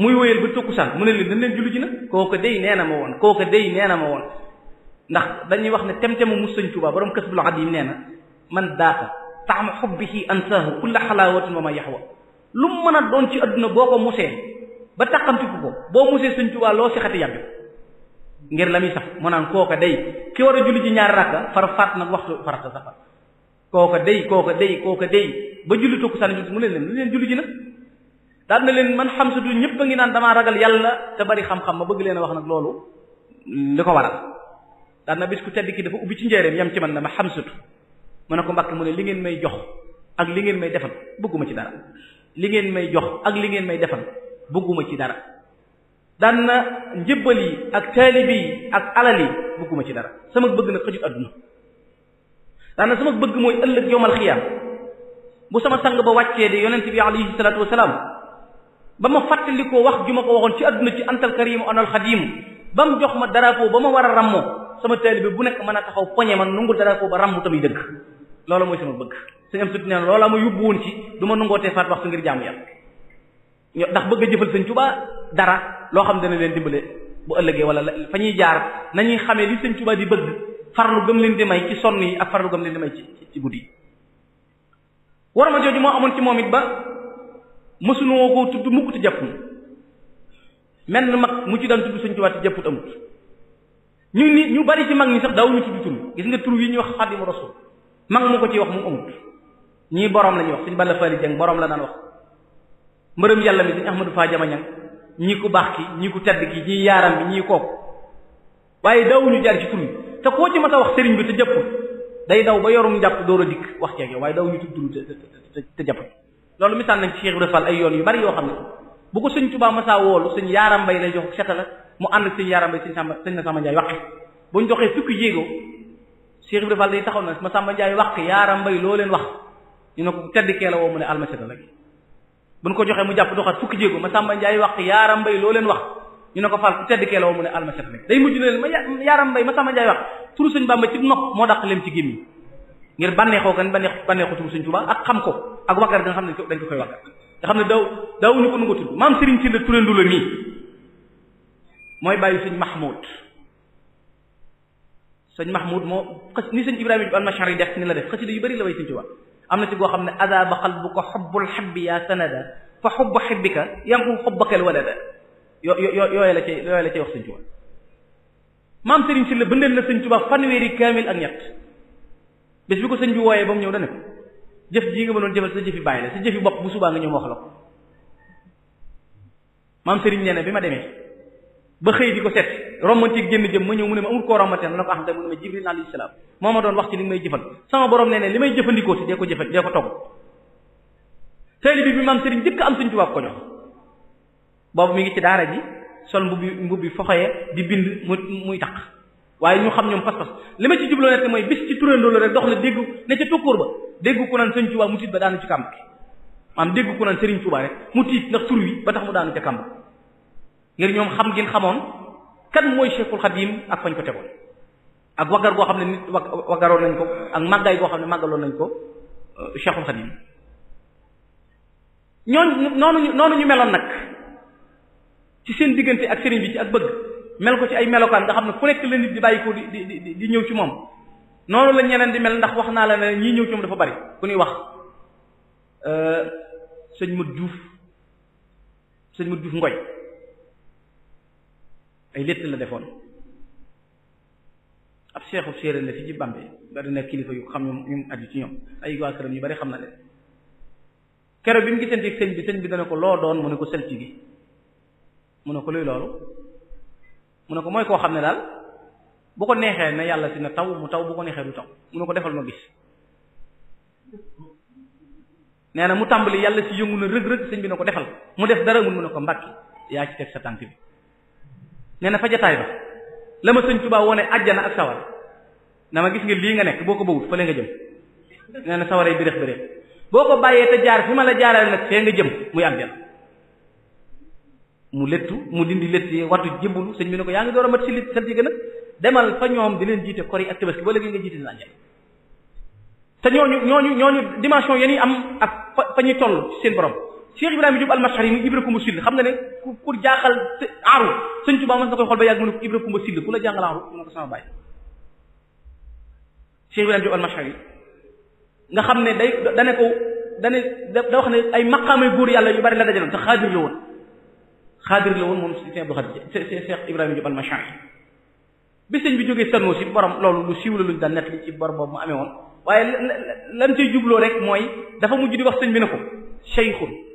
muy wéyal ba tukkusaan mu ne leen dañ leen julli ji na kooka day nee na ma woon kooka day nee na ma woon ndax dañuy wax ne tem-temu mu sëñ Tuubaa borom kës loo la yi nee na man daata taxama xubbihi ansaahu kulla xalaawatin wa ma yaxwa lu mu mën a doon ci adduna boo ko musee ba taqamtiku ko boo musee sëñ Tuubaa loo sixati yàbbi ngir la muy saf mu naan kooka dey ki war a julli ci ñaari rakka far faat nag waxtu farata safar kooka dey kooka dey kooka dey ba julli tokku sànni julli mu leen leen lu leen julli ji nag daal na leen man xam sutu ñëpp a ngi naan damaa ragal yàlla te bari xam-xam ma bëgg leen a wax nag loolu li ko waral daal na bis ku tedd ki dafa ubbi ci njëreem yam ci man na ma xam sutu mu ne ko mbàkk mu ne li ngeen may jox ak li ngeen may defal bëgguma ci dara li ngeen may jox ak li ngeen may defal bëgguma ci dara daan na njëbbal yi ak taalibe yi ak alal yi bëgguma ci dara sama bëgg nag xëjut adduna dana na sama bëgg mooy ëllëg yowmal xiyaam bu sama sang ba wàccee de yonent bi alayhi salaatu wasalaam ba ma fàttali ko wax ju ma ko waxoon ci àdduna ci antal karim anal xadim ba mu jox ma drapeau ba ma war a rammoo sama taalibe bu nekk mën a taxaw poñe man nungul drapeau ba rammu tamit dëgg loolu mooy sama bëgg suñu am sut neen loolaa ma yóbbu woon ci du ma nungootee faat waxtu ngir jaamu ndax bëgg a jëfal sëñ Tuubaa dara loo xam dana leen dimbale bu ëllëgee wala fa ñuy jaar nañuy xamee li sëñ Tuubaa di bëgg farlu gëm leen di may ci sonn yi ak farlu gëm leen di may ci ci guddi war ma jooju moo amoon ci moom it ba mësuñoo ko tudd mukk te jàpp menn mu ci daan tudd sëñ Tuubaa te jàpput amut ñu ni ñu bari ci mag ñi sax daaw ñu tudd tur gis nga tur yi ñuy wax Xaadimu Rasuul mag mu ko ci wax mu amut ñii borom lañu wax suñu Balla Fally Dieng borom la daan wax mbërëm yàlla mi sëñ Ahmadou Fa jamañang ñii ku baax ki ñii ku tedd ki ñii yaaram bi ñii kooku waaye daawuñu jaar ci tur te koo ci mën a wax sëriñ bi te jëpp day daw ba yorum njàpp door a dikk wax ceeg yow waaye daawuñu tudd te te jëpp loolu misaal nañ ci Cheikh Ibra ay yoon yu bari yoo xam ne bu ko sëñ Tuubaa masaa woolu sëñ yaaram bay lay jox setala mu ànd ak sëñ yaaram bay sëñ Samba sëñ na Samba Njaay waqi bu ñu joxee fukki jéego Cheikh Ibra fal day taxaw na ma Samba Njaay waqi yaaram bay loo leen wax ñu ne ko la woo mu ne almaseta buñ ko joxee mu jàpp doxaat fukki jéego ma Samba Ndiaye wax yaaram mbay loo leen wax ñu ne ko fal ku tedd kee mu ne almaset mi day mujj ne leen ma yaaram mbay ma Samba Ndiaye wax turu sëñ Bamba ci nopp moo dàq leen ci gémmi ngir bànneexoo kan bànneex bànneexu turu sëñ Tuubaa ak xam ko ak wakar ga nga xam ne dañ ko koy wakar nga xam ne daw daawuñu ko nu nga tudd maam Serigne Sylla Touré Ndoulo mii mooy bàyyi sëñ Mahmoud sëñ Mahmoud moo xas ni sëñ Ibrahima Al Machari la def yu bari la way sëñ am na ci goo xam ne adaaba xalbuka xubbul xibbi yaa sanada fa xubbu xibbika yanqu xubbakal walada yo yo yooyu la cay yooyu la cay wax sëñ Tuubaa maam Serigne Sylla bëndal na sëñ Tuubaa fanweeri kaamil ak ñett bés bi ko sëñ bi wooye ba mu da dana ko jëf jii nga mënoon jëfal sa jëfi bàyyi la sa jëfi bopp bu subaa nga ñëw ma wax la ko maam Serigne nee na bi ma demee ba xëy di ko seet romantique génn jëm ma ñëw mu ne ma amul koo romanté ma ne ko axamte ah, mu ne moo ma doon wax ci li may jëfal sama borom nee ne li may jëfandikoo si dee ko jëfal dee bi bi maam sëriñ am suñ tubaab ko jox boobu mi ngi ci daara ji sol mbubbi mbubbi foxoye di bind mu muy taq waaye ñu xam ñoom pas-pas li ma ci jubloo nekk mooy bis ci turandoolu rek dox na dégg ne ca tokkóor ba dégg ku naan sëriñ Tuubaa mu tiit ba daanu ci kàmb maam dégg ku naan sëriñ Tuubaa rek mu tiit ndax tur wi ba tax mu daanu ca kàmb ngir ñoom xam ngeen xamoon kan mooy Cheikhul Khadim ak fañ ko tegoon ak waggar goo xam ne nit waggaroon nañ ko ak màggaay goo xam ne màggaloon nañ ko euh, Cheikhul Khadim ñooñu noonu noonu ñu meloon nag ci seen diggante ak sëriñ bi ci ak bëgg mel ko ci ay melokaan nga xam ne fu nekk la nit di bàyyi di di di ñëw ci moom noonu la ñeneen di mel ndax wax naa la ne ñii ñëw ci moom dafa bari ku ñuy wax euh, sëñ Modou Diouf sëñ Modou Diouf Ngoy ay létt la defoon ab seexu séeréer la fi ci Bambey bari na kilifa yu xam ñoom ñu aju ci ñoom ay waa këram yu bari xam na leen keroog bi mu gisanteeg sëñ bi sëñ bi dana ko loo doon mu ne ko selci gi mu ne ko luy loolu mu ne ko mooy koo xam ne daal bu ko neexee na yàlla si na taw mu taw bu ko neexee du taw mu ne ko defal ma gis nee na mu tàmbali yàlla si yëngu na rëg-rëg sëñ bi ne ko defal mu def dara mun mu ne ko mbàkki yaa ci teg sa tànk nee na fa ba la ma sëñ Tuubaa wone ajjana ak sawar na ma gis nga lii nga nekk boo ko bëggul fële nga jëm nee na sawaree bi rek bi boo ko bàyyee te jaar fi ma la jaarale nag fee nga jëm muy àjjana mu lettu mu dindi lett yi wattu jébbalu sëñ bi ne ko yaa ngi door a mat si li sant yi gën a demal fa ñoom di leen jiite kor yi ak tabaski ba léegi nga jiite na àjjana te ñooñu ñooñu ñooñu dimension yéen am ak fa ñuy toll seen borom Cheikh Ibrahima Diop al-Mashari mu Ibra Kumba Sill xam nga ne ku ku jaaxal aaru ba yàgg mu ne ko Ibra Kumba ku la jàngal aaru mu ne ko sama baay Cheikh Ibrahima nga xam ne day dane ko dane da wax ne ay maqaamay góor yàlla yu bari la dajaloon te xaadir la woon xaadir la woon moom Cheikh Abdou Khadir Cheikh Ibrahima Diop al bi sëñ bi jógee sanoo si borom loolu lu siiw la luñ daan nekk li ci bor amee woon waaye lan cay jubloo rek mooy dafa mujj di wax sëñ bi ne ko say cheikhun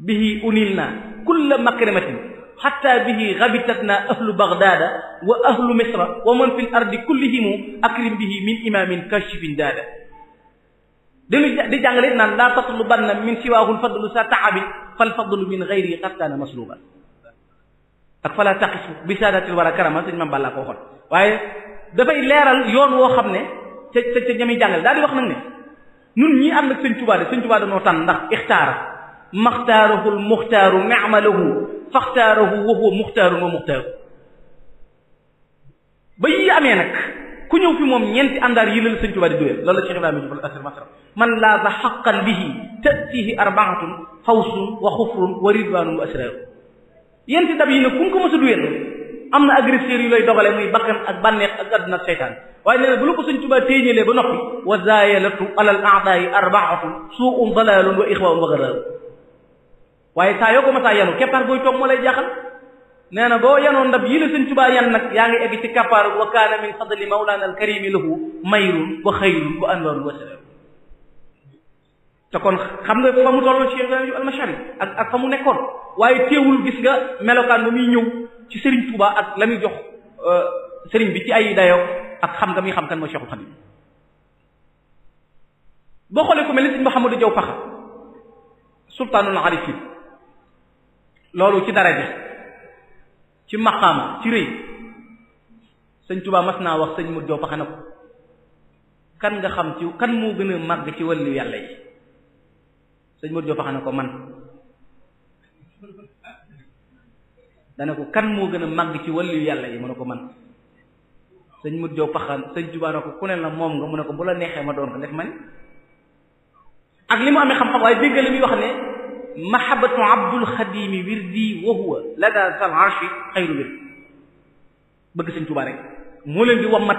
bihi unilna kulla makramatin xatta bihi xabitatna ahlu baghdada wa ahlu misra wa man fi l ardi kullihimu akrim bihi min imamin kashifin daada dañu di jàngale naan laa tatlubanna min siwaahul fadlu sa taxabin fal fadlu min gayri xattaana masluban ak fala taqisu bi saadatil war a karama sëñ mam bàllaa ko waxoon waaye dafay leeral yoon woo xam ne ca ca ca ñami jàngale daal di wax nag ne ñun ñii ànd ak sëñ Tuubaa de sëñ Tuubaa danoo tànn ndax ixtaara maxtaarahu l muxtaaru maamalahu faxtaarahu wa huwa muxtaarun wa muxtaaru ba yii amee nag ku ñëw fi moom ñeenti àndaar yi la sëñ Tuubaa di doyal loolu la Cheikh Ibrahima Diouf al-Asir masra man laaza xaqan bihi tatihi arbaatun fawsun wa xufrun wa ridwanun wa asraaru yenti dab yi nag ku ko mës a doyal am na agresseurs yu lay dogale muy bakkan ak bànneex ak àdduna ak seytaan waaye nee na bu la ko sëñ Tuubaa téeñalee ba noppi wa zaayalatu alal aadaai arbaatun suu'un dalaalun wa ixwaun wa garaaru waaye saa yoo ko masaa yanu keppaar booy toog moo lay jaaxal nee na boo yenoon ndab yi la sëñ Tuubaa yan nag yaa ngi egg ci kappaar wa kaana min fadli mawlaana alkarimi lahu mayrun wa xayrun wa anwarun wa sararun te kon xam nga fa mu ak mu nekkoon waaye teewul gis nga melokaan ba muy ñëw ci Serigne Touba ak la muy jox euh, Serigne bi ci ay dayo ak xam nga muy xam kan mooy Cheikhul Khadim boo xoolee ko mel ni Serigne Mouhamadou Diaw Pakha sultaanul arifin loolu ci dara ji ci maqaama ci rëy sëñ Tuubaa mas naa wax sëñ mu Joob xana ko kan nga xam ci kan moo gën a màgg ci wàllu yàlla yi sëñ mu ko man dana ko kan moo gën a màgg ci wàllu yàlla yi mu ne ko man sëñ mut joo paxan sëñ Tuubaa na ko ku ne la moom nga mu ne ko bu la neexee ma doon ko def man ak li mu amee xam-xam waaye dégg muy wax ne mahabatu abdul xadimi wirdi wa huwa lada zal arshi xayru wird bëgg sëñ Tuubaa moo leen di wammat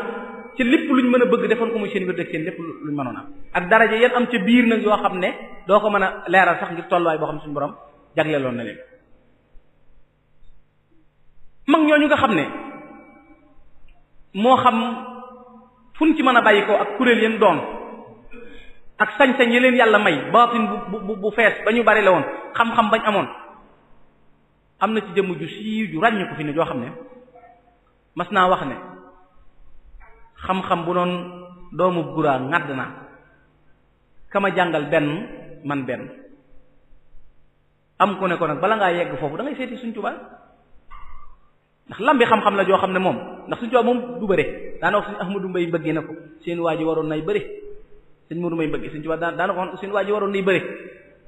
ci lépp lu ñu mën a bëgg defal ko muy seen wird ak seen lépp luñ mënoon am ak daraja yan am ci biir nag yoo xam ne doo ko mën a leeral sax ngir tolluwaay boo xam suñu borom jagleeloon na leen mag ñu nga xam ne moo xam fuñ ci mën a bàyyi ko ak kuréel yeen doon ak sañ-sañ yi leen yàlla may baatin bu bu bu fees ba ñu bari la woon xam-xam bañ amoon am na ci jëmm ju siiw ju ràññ ko fi ne joo xam ne mas naa wax ne xam-xam bu doon doomu guraa ŋàdd na kama jàngal benn man benn am ku ne ko nag bala ngaa yegg foofu da ngay seeti Sëriñ Tuubaa ndax lambi xam-xam la joo xam ne moom ndax Sëriñ Tuubaa moom du bëre daana wax Sëriñ Ahmadu Mbay bëggee na ko seen waa ji waroon nay bëre sëñ Mourou bëgg sëñ Tuubaa daan daana ko woon seen waa ji waroon nay bëre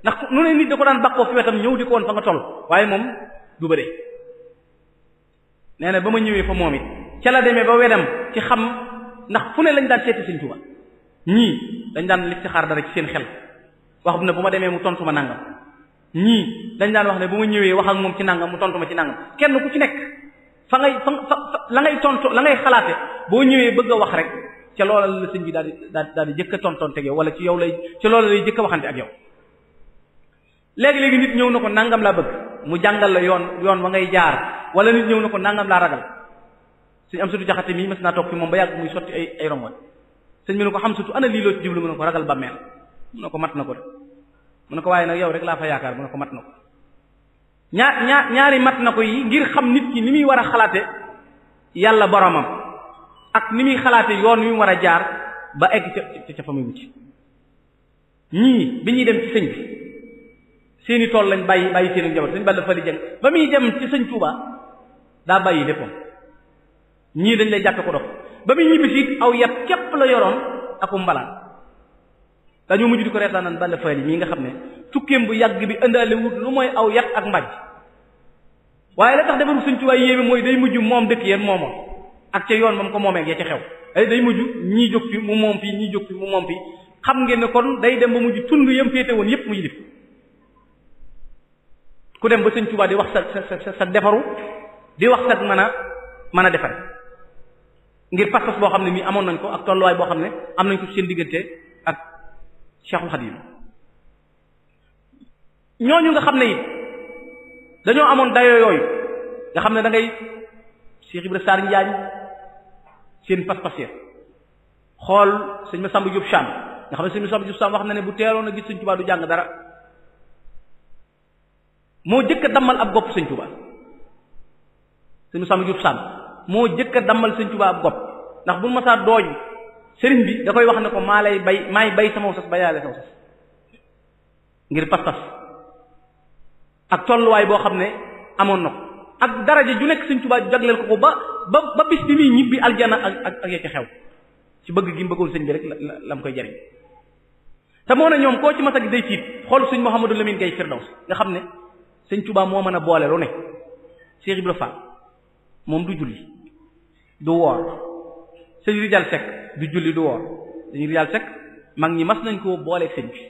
ndax nu ne nit da ko daan bàkkoo fi wetam ñëw di ko woon fa nga toll waaye moom du bëre nee na ba ma ñëwee fa moom it la demee ba wedam ci xam ndax fu ne lañ daan seeti sëñ Tuubaa dañ daan listixaar dara ci seen xel wax bu ne bu ma demee mu tontu ma nangam ñii dañ daan wax ne bu ma ñëwee wax ak moom ci nangam mu tontu ma ci nangam kenn ku ci nekk fa ngay fa fa la ngay tontu la ngay xalaate boo ñëwee bëgg a wax rek ca loola la sëñ bi daal di daal di jëkk a tontonte ak yow wala ci yow lay ci loola lay jëkk waxante ak yow léegi-léegi nit ñëw na ko nangam laa bëgg mu jàngal la yoon yoon wa ngay jaar wala nit ñëw na ko nangam laa ragal suñu am sutu jaxate mii mas naa toog fi moom ba yàgg muy sotti ay ay rongoñ sëñ bi ne ko xam sutu ana lii loo ci jublu mu ne ko ragal bàmmeel mu ne ko mat na ko de mu ne ko waaye nag yow rek laa fa yaakaar mu ne ko mat na ko ñaar ñaari mat na ko yi ngir xam nit ki ni muy war a xalaate yàlla boromam ak ni muy xalaate yoon wi war a jaar ba egg ca ca fa muy wuti ñii bi ñuy dem ci sëñ bi seeni tool lañ bàyyi bàyyi seeni njaboot sëñ Balla Fally Dieng ba muy dem ci sëñ Touba daa bàyyi léppam ñii dañ lay jàppe ko dox ba muy ñibbisi aw yat képp la yoroon aku mbalaan dañoo mujj di ko reetaan naan Balla yi mii nga xam ne tukkeem bu yàgg bi ëndaale wut lu mooy aw yat ak mbaj waaye la tax defaru sëñ Touba yéeme mooy day mujj moom dëkk yéen moomoon ak ca yoon ba mu ko moomeeg ya ca xew ay eh, day mujj ñii jóg fi mu moom fii ñii jóg fi mu moom fii xam ngeen ne kon day dem ba mujj tund yam féete woon yépp mu yilif ku dem ba sëñ Tuubaa di wax sa sa sa defaru di wax sa mën a mën a defare ngir pas-pas boo xam ne mii amoon nañ ko ak tolluwaay boo xam ne am nañ ko seen diggante ak Cheikhul Khadim ñooñu nga xam ne it dañoo amoon dayo yooyu nga xam ne dangay ngay Cheikh Ibrahima Sarr Njaañ seen pas-pas ya xool sëñ ma sàmb jub sham nga xam ne sëñ ma sàmb jub sham wax na ne bu teeloon a gis sëñ Tuubaa jàng dara moo jëkk a dammal ab gopp sëñ Tuubaa sëñ ma sàmb jub sham moo jëkk a dammal sëñ Tuubaa ab gopp ndax bu ma saa dooj sëriñ bi da koy wax ne ko maa lay bay maay bay sama sas bayaale yàlla sama ngir pas-pas ak tolluwaay boo xam ne amoon na ko ak daraja ju nekk Sëriñ Tuubaa jagleel ko ko ba ba ba bis bi muy ñibbi aljana ak ak ak ya ca xew ci bëgg gi mu bëggoon sëñ bi rek la la mu koy jariñ te moo ñoom koo ci mas a gis day tiit xool Sëriñ Mouhamadou Lamine Gaye nga xam ne Sëriñ Tuubaa moo mën a boole lu ne Cheikh Ibra moom du julli du woor Sëriñ Rijal Seck du julli du woor Sëriñ Rijal Seck mag ñi mas nañ koo booleeg sëñ bi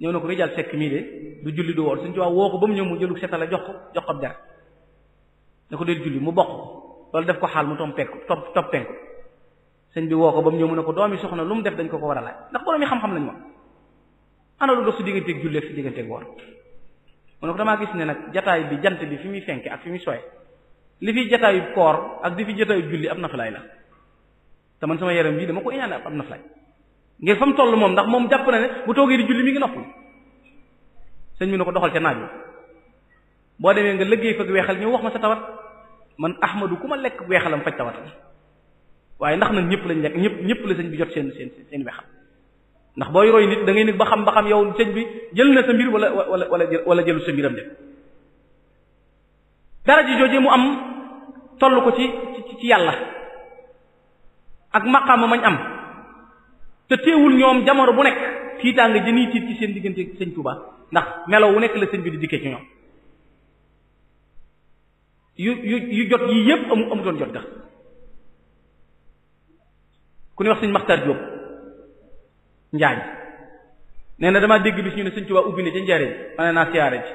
ñëw na ko Rijal Seck mii de du julli du woor Sëriñ Tuubaa woo ko ba mu ñëw mu jëlu la jox ko jox ko dara ne ko dee julli mu bokk loolu def ko xaal mu tom penku top top penku sëñ bi woo ko ba mu ñëw mu ne ko doomi soxna lu mu def dañ ko ko war a laaj ndax borom yi xam-xam lañ moom ana lu dox su digganteeg julleeg si digganteeg woor mu ne ko damaa ne nag jataay bi jant bi fi muy fenke ak fi li fi jataayu koor ak di fi jataayu julli ab naflaay la te man yaram bii dama ko iñaane ab naflaay ngir fa mu toll moom ndax moom jàpp na ne bu toogee di julli mi ngi noppal sëñ ne ko doxal ca naaj boo demee nga liggéey fag weexal ñëw wax ma sa tawat man ahmadu ku ma lekk weexalam faj tawat waaye ndax nag ñëpp lañ lekk ñëpp ñëpp la sëñ bi jot seen seen seen weexal ndax booy roy nit da ngay ba xam ba xam yow sëñ bi jël na sa mbir wala wala wala wala jëlu sa mbiram dem dara ji jooje mu am toll ko ci ci ci yàlla ak maqaama mañ am te teewul ñoom jamono bu nekk tiitaanga jëniy tiit ci seen diggante sëñ Tuubaa ndax melo wu nekk la sëñ bi di dikkee ci ñoom yu yu yu jot yii yépp amu amutoon jot ga ku ne wax sëñ Maxtar Jóob njaañ nee damaa dégg bis ñu ne sëñ Tuubaa ubbi ne ca njaareem ma ne naa siyaare ji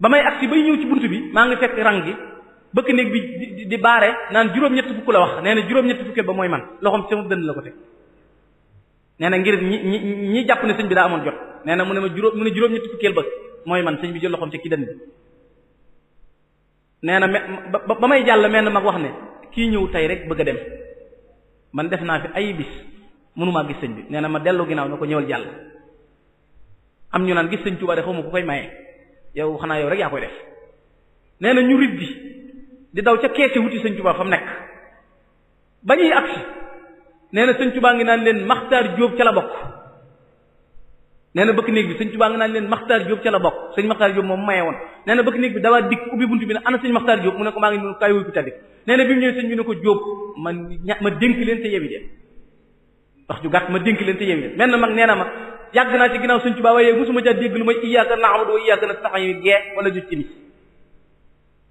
ba may agsi bay ñëw ci bunt bi maa ngi fekk rang gi bëkk néeg bi di di baare naan juróom-ñett fukk la wax nee na juróom ñetti fukkeel ba mooy man loxoom sama dënn la ko teg nee na ngir ñi ñi ñi jàpp ne sëñ bi daa amoon jot nee na mu ne ma juróom mu ne juróom-ñett fukkeel ba mooy man sëñ bi jël loxoom nee na ba ba may jàll mel na mag wax ne kii ñëw tey rek bëgg a dem man def naa fi ay bis mënumaa gis sëñ bi nee na ma dellu ginnaaw na ko ñëwal jàll am ñu naan gis sëñ Tuubaa de xaw ma ku koy maye yow xanaa yow rek yaa koy def nee na ñu rit bi di daw ca keesi wuti sëñ Tuubaa fa mu nekk ba ñuy agsi nee na sëñ Tuubaa ngi naan leen Maxtaar Jóob ca la bokk nee na bëkk néeg bi sëñ Tuubaa nga naan leen Maxtaar Jóob ca la bokk sëñ Maxtaar Jóob moom maye woon nee na bëkk néeg bi dawaa dikk ubbi bunt bi ne ana sëñ Maxtaar Jóob mu ne ko maa ngi noonu kaay wuy ko taddi nee na bi ne ma dénk leen te yebi leen wax ju gàtt ma dénk leen te yebi leen na mag nee na ma yàgg naa ci ginnaaw sëñ Tuubaa waaye mosuma ca dégg lu may iyyaaka na'budu wa iyyaaka nasta'iin gee wala ju ci ni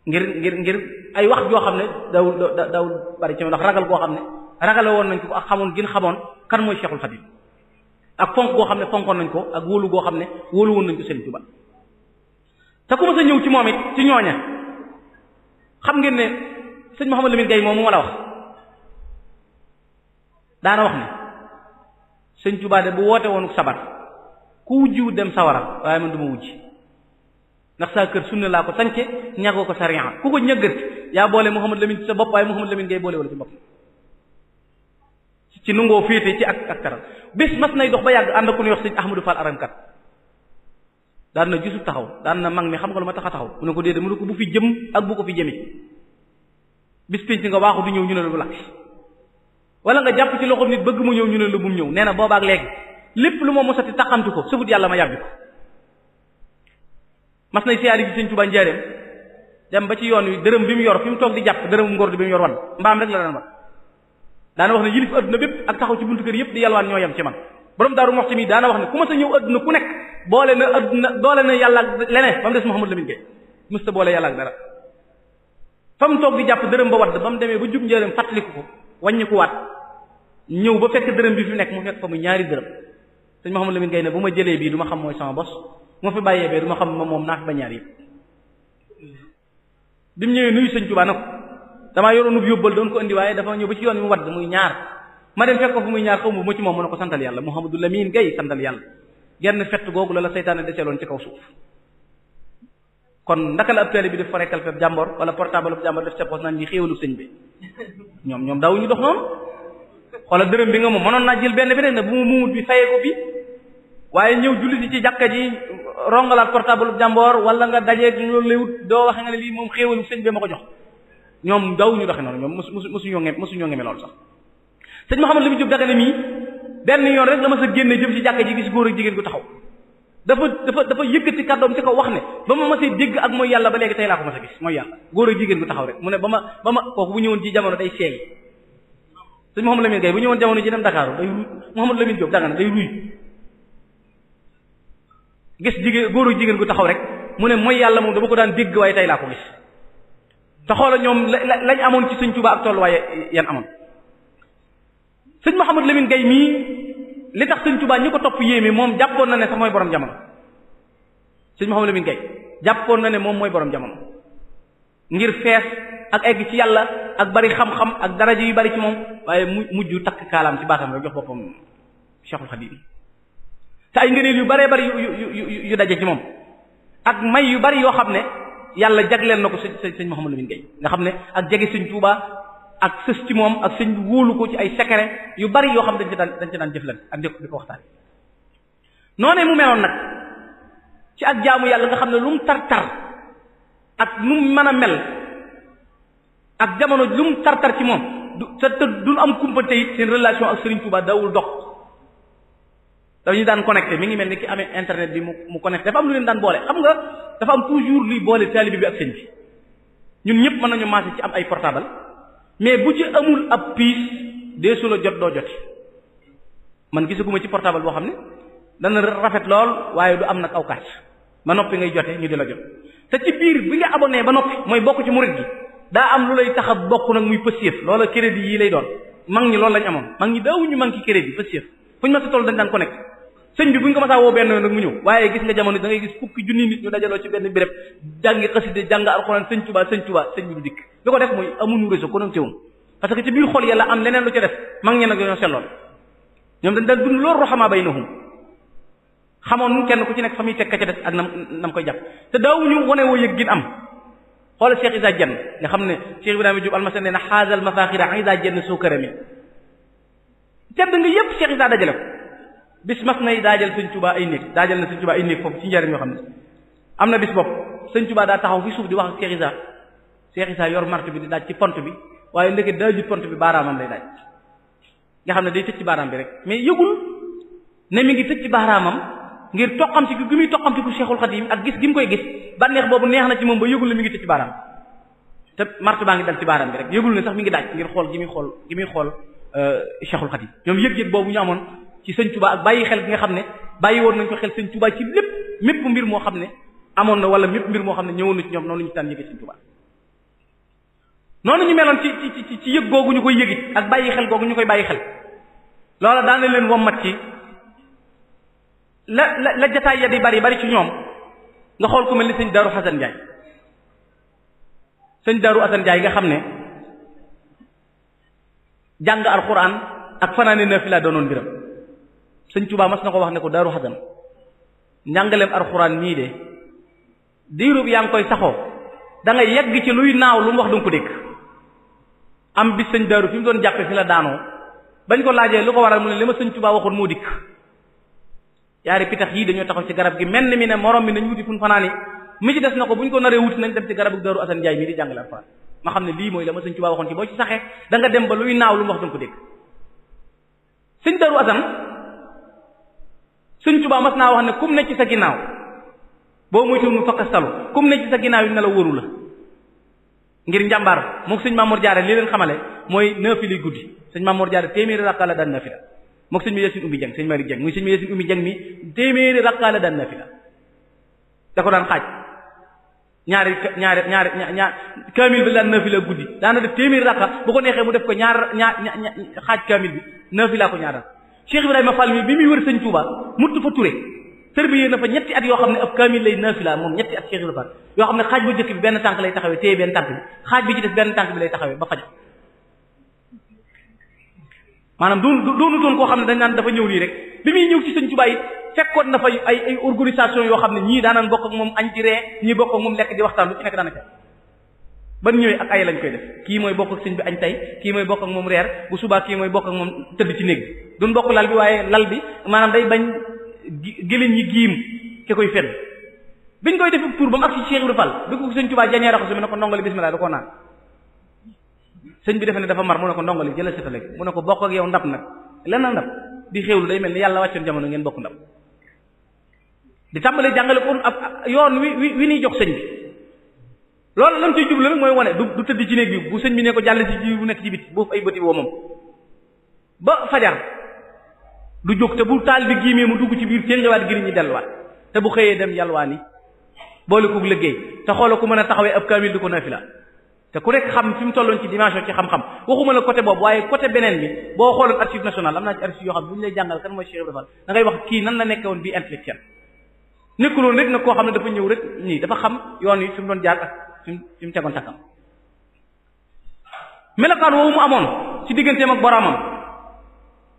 ngir ngir ngir ay wax joo xam ne dawul daw bari ci ndax ragal koo xam ne ragale woon nañ ko ak xamoon gin xamoon kan mooy Cheikhul Khadim ak fonk goo xam ne fonkoon nañ ko ak wóolu goo xam ne wóolu woon nañ ko Sëriñ Tuba te ku ma sa ñëw ci moom it ci ñooña xam ngeen ne sëñ Mouhamadou Lamine Gueye moom mu ma la wax daana wax ne Sëriñ Tuba de bu woote woonu sabar ku wujjiwu dem sawara waaye man du ma ndax saa kër sunna laa ko sance ñàggoo ko sariya ku ko ñëggër yaa boole Mouhamadou Lamine ci sa bopp waaye Mouhamadou Lamine Gueye boole wala ci bopp ci nungoo féete ci ak ak taral bés mas nay dox ba yàgg ànd ku ñuy wax sëñ Ahmadou Fall aramkat daan na gisub taxaw daan na mag mi xam nga lu ma tax a taxaw mu ne ko déedéet mu ne ko bu fi jëm ak bu ko fi jëmee bis penc nga waaxu du ñëw ñu ne la bu làq wala nga jàpp ci loxoom nit bëgg mu ñëw ñu ne bu mu ñëw nee na boobaak léegi lépp lu ma mosati taxamtu ko sëfut yàlla ma yàbbi ko mas nay siyaari ci sëñ Tuubaa njaareem dem ba ci yoon wi dërëm bi mu yor fi mu toog di jàpp dërëm ngor bi mu yor rek la daana wax ne yilif adduna bépp ak taxaw ci buntu kër yëpp di yalwaan ñoo yem ci man borom daaru moxti mi daana wax ne ku ma sa ñëw adduna ku nekk boole na adduna boole na yàlla ak leneen ba mu des boole yàlla ak dara fa mu toog di jàpp dërëm ba wadd ba mu demee ba jub njëriñ fàttaliku ko wàññiku waat ñëw ba fekk dërëm bi fi nekk mu fekk fa mu ñaari dërëm sëñ Mouhamadou Lamine Gueye ne bu ma jëlee bii du ma xam mooy sama bos bu ma fi bàyyee bee du ma xam moom naa fi ba ñaar yëpp bi mu ñëwee nuyu sëñ Tuubaa na ko damaa yoroonub yóbbal doon ko indi waaye dafa ñëw ba ci yoon bi mu wadd muy ñaar ma dem fekk ko fu muy ñaar xaw ma ma ci moom mën a ko santal yàlla Mouhamadou Lamine Guèye santal yàlla genn fett googu la la seytaane deseeloon ci kaw suuf kon ndaka la ab bi def fa rekkal feb jàmbor wala portable ab jàmbor def ca poos naan ñi sëñ bi ñoom ñoom ñu dox noonu xoola dërëm bi nga moom mënoon naa jël benn beneen ne bu mu muumut bi fayee bi waaye ñëw julli si ci ji rongalaat portable ab jàmbor wala nga dajee loolu doo waxe nga lii moom xéewalu sëñ bi ma ko jox ñoom daw ñu doxe noonu ñoom mosu mosu mosu ñoo ngem mosu ñoo ngeme loolu sax sëñ Mouhamed Lamine Diop Dagana mii benn yoon rek la ma sa génne jëm ci jàkka ji gis góor ak jigéen gu taxaw dafa dafa dafa yëkkati kàddoom ci kaw wax ne ba ma masee dégg ak mooy yàlla ba léegi tey laa a mooy yàlla góor ak jigéen gu rek mu ne ba ma ba ma kooku bu ñëwoon ci jamono day seey sëñ Mouhamed Lamine bu ñëwoon jamono ji dem Dakar day ruy Mouhamed Lamine Diop Dagana day ruy gis jigéen góor ak jigéen gu taxaw rek mu ne mooy yàlla moom dama ko daan dégg waaye tey laa ko gis te xoola ñoom lañ amoon ci sëñ Tuubaa ak tolluwaaye yan amoon sëñ Mouhamadou Lamine Gueye mii li tax sëñ Tuubaa ñi ko topp yéeme moom jàppoon na ne sax mooy borom jamono sëñ Mouhamadou Lamine Gueye jàppoon na ne moom mooy borom jamono ngir fees ak egg ci yàlla ak bari xam-xam ak daraja yu bari ci moom waaye mu mujj takk kaalaam ci baatam rek jox boppam Cheikhul Khadim te ay ngëneel yu baree bari yu yu yu daje ci moom ak may yu bari yoo xam ne. yàlla jagleel na ko sëñ sëñ Mouhamadou Lamine Gueye nga xam ne ak jege sëñ Touba ak sës ci moom ak sëñ bi wóolu ko ci ay secret yu bari yoo xam ne dañ ci daan dañ ci daan jëflante ak di ko waxtaan noonee mu meloon nag ci ak jaamu yàlla nga xam ne lu mu tar tar ak mu mën a mel ak jamono lu mu tar tar ci moom du te te duñ am kumpante it seen relation ak Serigne Touba dawul dox ñu daan connecté mi ngi mel ni ki amee internet bi mu mu connecté dafa am lu leen daan boole xam nga dafa am toujours luy boole taalibe bi ak sëñ bi ñun ñëpp mën nañu maase ci am ay portable mais bu ci amul ab piis dee su la jot doo jot man gisaguma ci portable boo xam ne dana rafet lool waaye du am na kaw carte ba noppi ngay jote ñu di la jot te ci biir bi nga abonné ba noppi mooy bokk ci murid gi daa am lu lay tax a bokk nag muy pësief loola crédit yii lay doon mag ñi loolu lañ amoon mag ñi daawuñu manqué crédit pësief fu ñu ma sa toll dañ daan connecté sëñ bi bu ñu masaa woo benn yoon nag mu ñëw waaye gis nga jamono da ngay gis fukki junni nit ñu dajaloo ci benn béréb jàngi xaside jàng alxuraan sëñ Tuubaa sëñ Tuubaa sëñ bi du ko def mooy amuñu réseau connecté biir xol yàlla am leneen lu ca def mag ñe nag ñoo selloon ñoom dañ daan dund loolu roxamaa baynahum kenn ku ci nekk fa muy teg ka ca des ak nam nam koy jàpp te daawuñu wane woo yëg gin am xoolal Cheikh Isa Dieng nga xam ne Cheikh Ibrahima Diop almasen nee na xaazal mafaaxira Isa Dieng soo kërami tedd nga yépp Cheikh Isa dajale ko bis mas yi daajal sëñ Tuubaa ay néeg daajal na sëñ Tuubaa ay néeg foofu ci njariñ yoo xam ne am na bis bopp sëñ Tuubaa daa taxaw fi suuf di wax ak Cheikh Issa Cheikh Issa yor mart bi di daaj ci pont bi waaye ndeke daajut pont bi baaraamam lay daaj nga xam ne day ci baaraam bi rek mais yëgul ne mi ngi tëj ci baaraamam ngir toqamti gi muy toqamti ku Cheikhul Khadim ak gis gi mu koy gis bànneex boobu neex na ci moom ba yëgul ne mi ngi tëj ci baaraam te mart baa ngi dal ci baaraam bi rek yëgul ne sax mi ngi daaj ngir xool gi muy xool gi muy xool euh, Cheikhul Khadim ñoom yëg-yëg boobu ñu amoon ci sañ Tuba ak bàyyi xel bi nga xam ne bàyyi woon nañ ko xel sëñ Tuba ci lépp mépp mbir moo xam ne amoon na wala mépp mbir moo xam ne ñëwoon na ci ñoom noonu ñu daan yëge sëñ Tuba noonu ñu meloon ci ci ci yëg googu ñu koy yëgit ak bàyyi xel googu ñu koy bàyyi xel loola daan leen wommat ci la la la jataay ya di bari bari ci ñoom nga xool ku mel ni sëñ daru Assane Ndiaye sëñ Darou Assane Ndiaye nga xam ne jàng alxuraan ak fanaane nafila doonoon mbiram sëñ Tuubaa mas na ko wax ne ko daaru xasan njàngaleem alxuraan nii de diirub yaa ngi koy saxoo da ngay yegg ci luy naaw lu mu wax du ko dégg am bis sëñ daaru fi mu doon jàppe fi la daanoo bañ ko laajee lu ko waral mu ne ma sëñ Tuubaa waxoon moo dikk yaari pitax yii dañoo taxaw ci garab gi mel ni mi ne morom mi nañ wuti fun fanaani mi ci des ko bu ko naree wuti nañ dem ci garabu daaru asan Njaay mii di jàngale alxuraan ma xam ne lii mooy la ma sëñ Tuubaa waxoon da nga dem ba luy naaw lu wax du ko dégg sëñ daaru Sëñ Tuubaa mas naa wax ne kum ne ci sa ginnaaw boo moytuwul mu fakk salu kum ne sa ginnaaw yi ne la wóoru la ngir njàmbaar mook sëñ ma Diarra li leen xamale mooy naafila guddi sëñ ma Diarra téeméeri rakka la daan naafila mook sëñ bi Yacine Oumy Dieng sëñ Malick Dieng muy sëñ bi Yacine Oumy Dieng mi téeméeri rakka daan naafila da ko ñaari ñaari ñaari ñaar kaamil bi daan naafila guddi daana def téeméeri rakka bu ko neexee mu def ko ñaar ñaar xaaj kaamil bi naafila ko ñaar Cheikh Ibrahima Fall mi bi muy wër sëñ Touba muttu fa Touré tërbiyee na fa ñetti at yoo xam ne ab kaamil lay naafila moom ñetti at Cheikh Ibrahima Fall yoo xam ne xaaj bu jëkk bi benn tànk lay taxawee téye benn tànk bi xaaj bi ci def benn tànk bi lay taxawee ba fajo maanaam doon doonu doon koo xam ne dañ naan dafa ñëw nii rek bi muy ñëw ci sëñ Touba yi fekkoon na fa ay ay organisation yoo xam ne ñii daanaan bokk ak moom añ di ree ñii bokk ak moom lekk di waxtaan lu ban ñëwee ak ay kii mooy bokk ak bi añ tey kii mooy bokk moom reer bu subaa kii mooy bokk ak moom tëdd ci néeg duñ bokk lal bi waaye lal bi maanaam day bañ gëléem yi giim ki koy fenn biñ koy def tur ba mu ak ci Cheikh Ibra Fall bi ko sëñ Tuubaa jañee raxasu mi ko ndongali bismillah da koo naan sëñ bi defe ne dafa mar mu ne ko ndongali sa léegi mu ko bokk ak yow ndab nag lenn ndab di xéwlu day mel ni yàlla wàccoon jamono ngeen bokk ndab di tàmbalee jàngale ko ab yoon wi wi wi ñuy jox sëñ bi loolu lan ciy jublu nag mooy wane du tëdd ci néeg bi sëñ bi ne ko bu nekk ci bit boobu ay bëti woo moom ba fajar du jóg te bu taal bi giimee mu dugg ci biir téngawaat giri ñi delluwaat te bu xëyee dem yalwaani boole koog liggéey te xoola ku mën a taxawee ab kaamil di ko nafila te ku nekk xam fi mu tolloon ci dimension ci xam-xam waxuma la côté boobu waaye côté beneen bi boo xooloon archive nationale am naa ci archive yoo xam bu ñu lay jàngal kan mooy Cheikh Ibrahima da ngay wax kii nan la nekke woon bii intellectuel nekkuloon rek nag koo xam ne dafa ñëw rek nii dafa xam yoon yi fi mu doon jaar ak fi mu fi mu tegoon takkam melokaan woowu mu amoon ci digganteem ak boroomam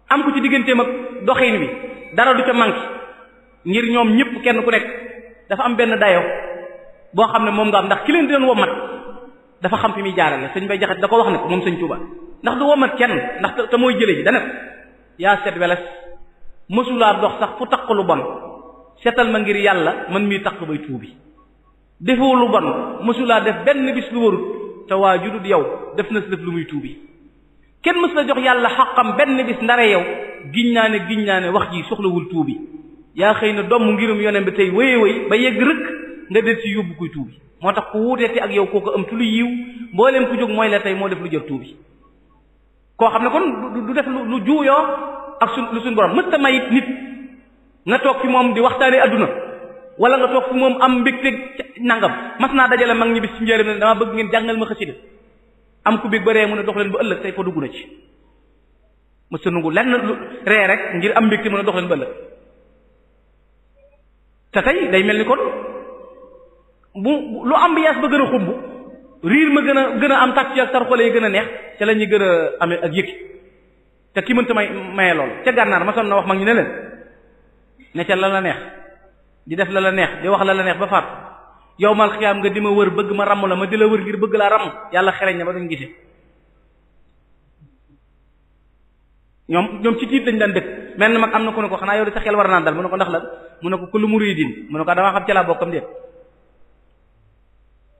am ko ci digganteem ak doxin wi dara du ca manqué ngir ñoom ñëpp kenn ku nekk dafa am benn dayo boo xam ne moom nga am ndax ki leen di leen womat dafa xam fi muy jaarale sëñ bay jaxat da ko wax ne ko moom sañ Tuuba ndax du womat kenn ndax te mooy jële ji dana yaa set weles mësulaa dox sax fu taq lu bon setal ma ngir yàlla man mii taq bay tuubi defoo lu bon mësulaa def benn bis lu warut te waa judut yow def na si def lu muy tuubi kenn mës la jox yàlla xaqam benn bis ndare yow giñ naa ne giñ naa ne wax ji soxlawul tuubi yaa xëy na doom ngirum yonen bi tey wéye wéy ba yegg rëkk nga del ci yóbbu kuy tuubi moo tax ku wuuteeti ak yow kooku am tu lu yiw mbooleem ku jóg mooy la tey moo def lu jël tuubi koo xam ne kon du def lu juuyoo ak su lu suñ borom mësta mayit nit nga toog fi moom di waxtaane adduna wala nga toog fi moom am mbégte nangam mas naa dajale mag ñi bis ci njëriñ dama bëgg ngeen jàngal ma xasida am ku bég ba ree mu ne dox leen ba ëllëg tey ko dugg na ci mësta nungu lenn lu ree rek ngir am mbégte mën a dox leen ba ëllëg te tey day mel ni kon bu lu ambiance ba gën a xumb riir ma gën a gën a am tàcc ak tarxole yi gën a neex ca la ñuy gën a amee ak yëkki te ki mënta may maye lool ca gànnaar ma son na wax mag ñu ne leen ne ca la la neex di def la la neex di wax la la neex ba faat yow mal xiyaam nga di ma wër bëgg ma ramm la ma di la wër ngir bëgg laa ramm yàlla xereñ na ba duñ gisee ñoom ñoom ci tiit lañ daan dëkk mel na mag am na ko ne ko xanaa yow di sa xel war naa dal mu ne ko ndax la mu ne ko kullu muridin mu ne ko damaa xam ci laa bokkam déet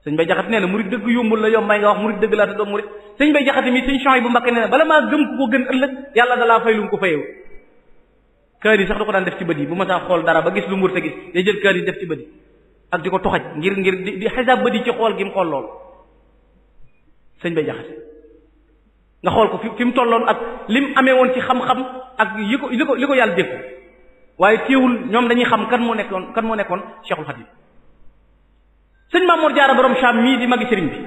sëñ bay jaxati nee na murid dëgg yombul la yombay nga wax murid dëgg laa te doom murid sëñ bay jaxati mi sëñ Chouaïbou Mbacké nee na bala maa gëm ku ko gën ëllëg yàlla dalaa fay lu ko fayewu kër yi sax du ko daan def ci bët yi bu ma saa xool dara ba gis lu mu gis day jël kër yi def ci bët yi ak di ko toxaj ngir ngir di di xisaab ba di ci xool gi mu xool lool sëñ bay jaxate nga xool ko fi fi mu tolloon ak li mu amee woon ci xam-xam ak li ko li ko yàlla dégg waaye téewul ñoom dañuy xam kan moo nekkoon kan moo nekkoon Cheikhul Khadim sëñ Mamour Jaara borom Cham mii di magi sëriñ bi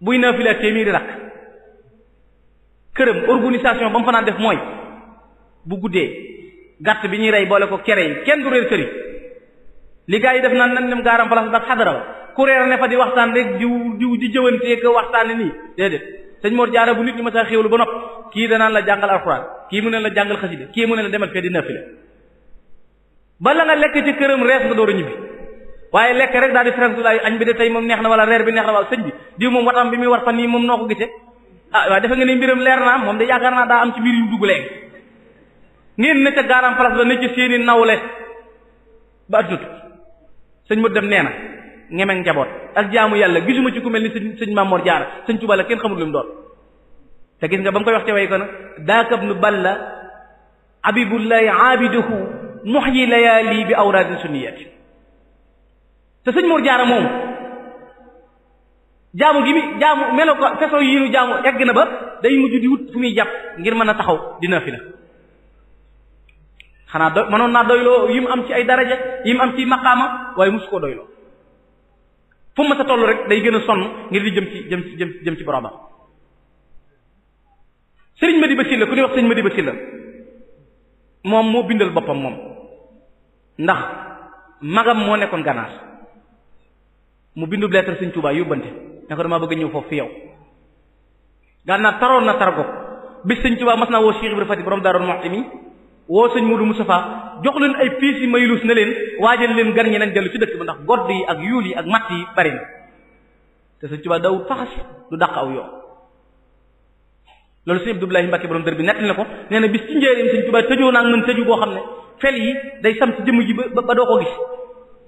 buy naafila téeméeri rakk këram organisation ba mu fanaan def mooy bu guddee gàtt bi ñuy rey boole ko kere yi kenn du réer sëriñ li gaa yi def naan nan dem gaaram place ndax xadara ba kuréel ne fa di waxtaan rek diw diw di jëwantee ko waxtaane nii déedéet sëñ Mor Jaara bu nit ñi ma sa xéwlu ba nopp kii danaa la jàngal alxuraan kii mu ne la jàngal xasida kii mu ne la demal fee di ba la nga lekk ci këram rees nga door a ñibbi waaye lekk rek daal di franklay añ bi de tey moom neex na wala reer bi neex na wala sëñ bi diw moom watam bi muy war fan nii moom noo ko gisee ah waaye defe nga ne mbiram leer naa moom de yaakaar naa daa am ci mbir yu dugg léegi ngeen ne ca garam place ba ne ci sëñ Modou dem nee na ngemeeg njaboot ak jaamu yàlla gisuma ci ku mel ni sëñ sëñ Mamoor Jaara sëñ Tuubaa kenn xamul lu mu doon te gis nga ba mu koy wax ca way ko na daakab nu balla abibullahi aabiduhu muhyi layaali bi awraadin sunniyati te sëñ Mor Jaara moom jaamu gi mi jaamu melo ko façon yi nu jaamu egg na ba day mujj di wut fu muy jàpp ngir mën a taxaw dina fi la xanaa doy manoon naa doyloo yi mu am ci ay daraja yi mu am ci maqaama waaye musu koo doyloo fu mu sa toll rek day gën a sonn ngir di jëm ci jëm ci jëm jëm ci boromam sëriñ Madiba Sylla ku ñuy wax sëriñ Madiba Sylla moom moo bindal boppam moom ndax magam moo nekkoon ganaar mu bindu lettre sëriñ Tuubaa yóbbante ne ko damaa bëgg ñëw foofu fi yow gànnaar taroon na targo bis sëriñ Tuubaa mas naa woo Cheikh Ibrahima Fati borom Daaru Muxti mi woo sëñ Modou Moustapha jox leen ay piis yi maylus ne leen waajal leen gan ñi nañ dellu ci dëkk ba ndax godd yi ak yuul yi ak matt yi bari na te sëñ Tuubaa dawul faxas du dàq aw yoon loolu sëñ Abdoulaye Mbacke borom dër bi nettali na ko nee na bis ci njëriñ sëñ Tuubaa tëjoo naa mën tëju boo xam ne fel yi day sam ci jëmm ji ba ba doo ko gis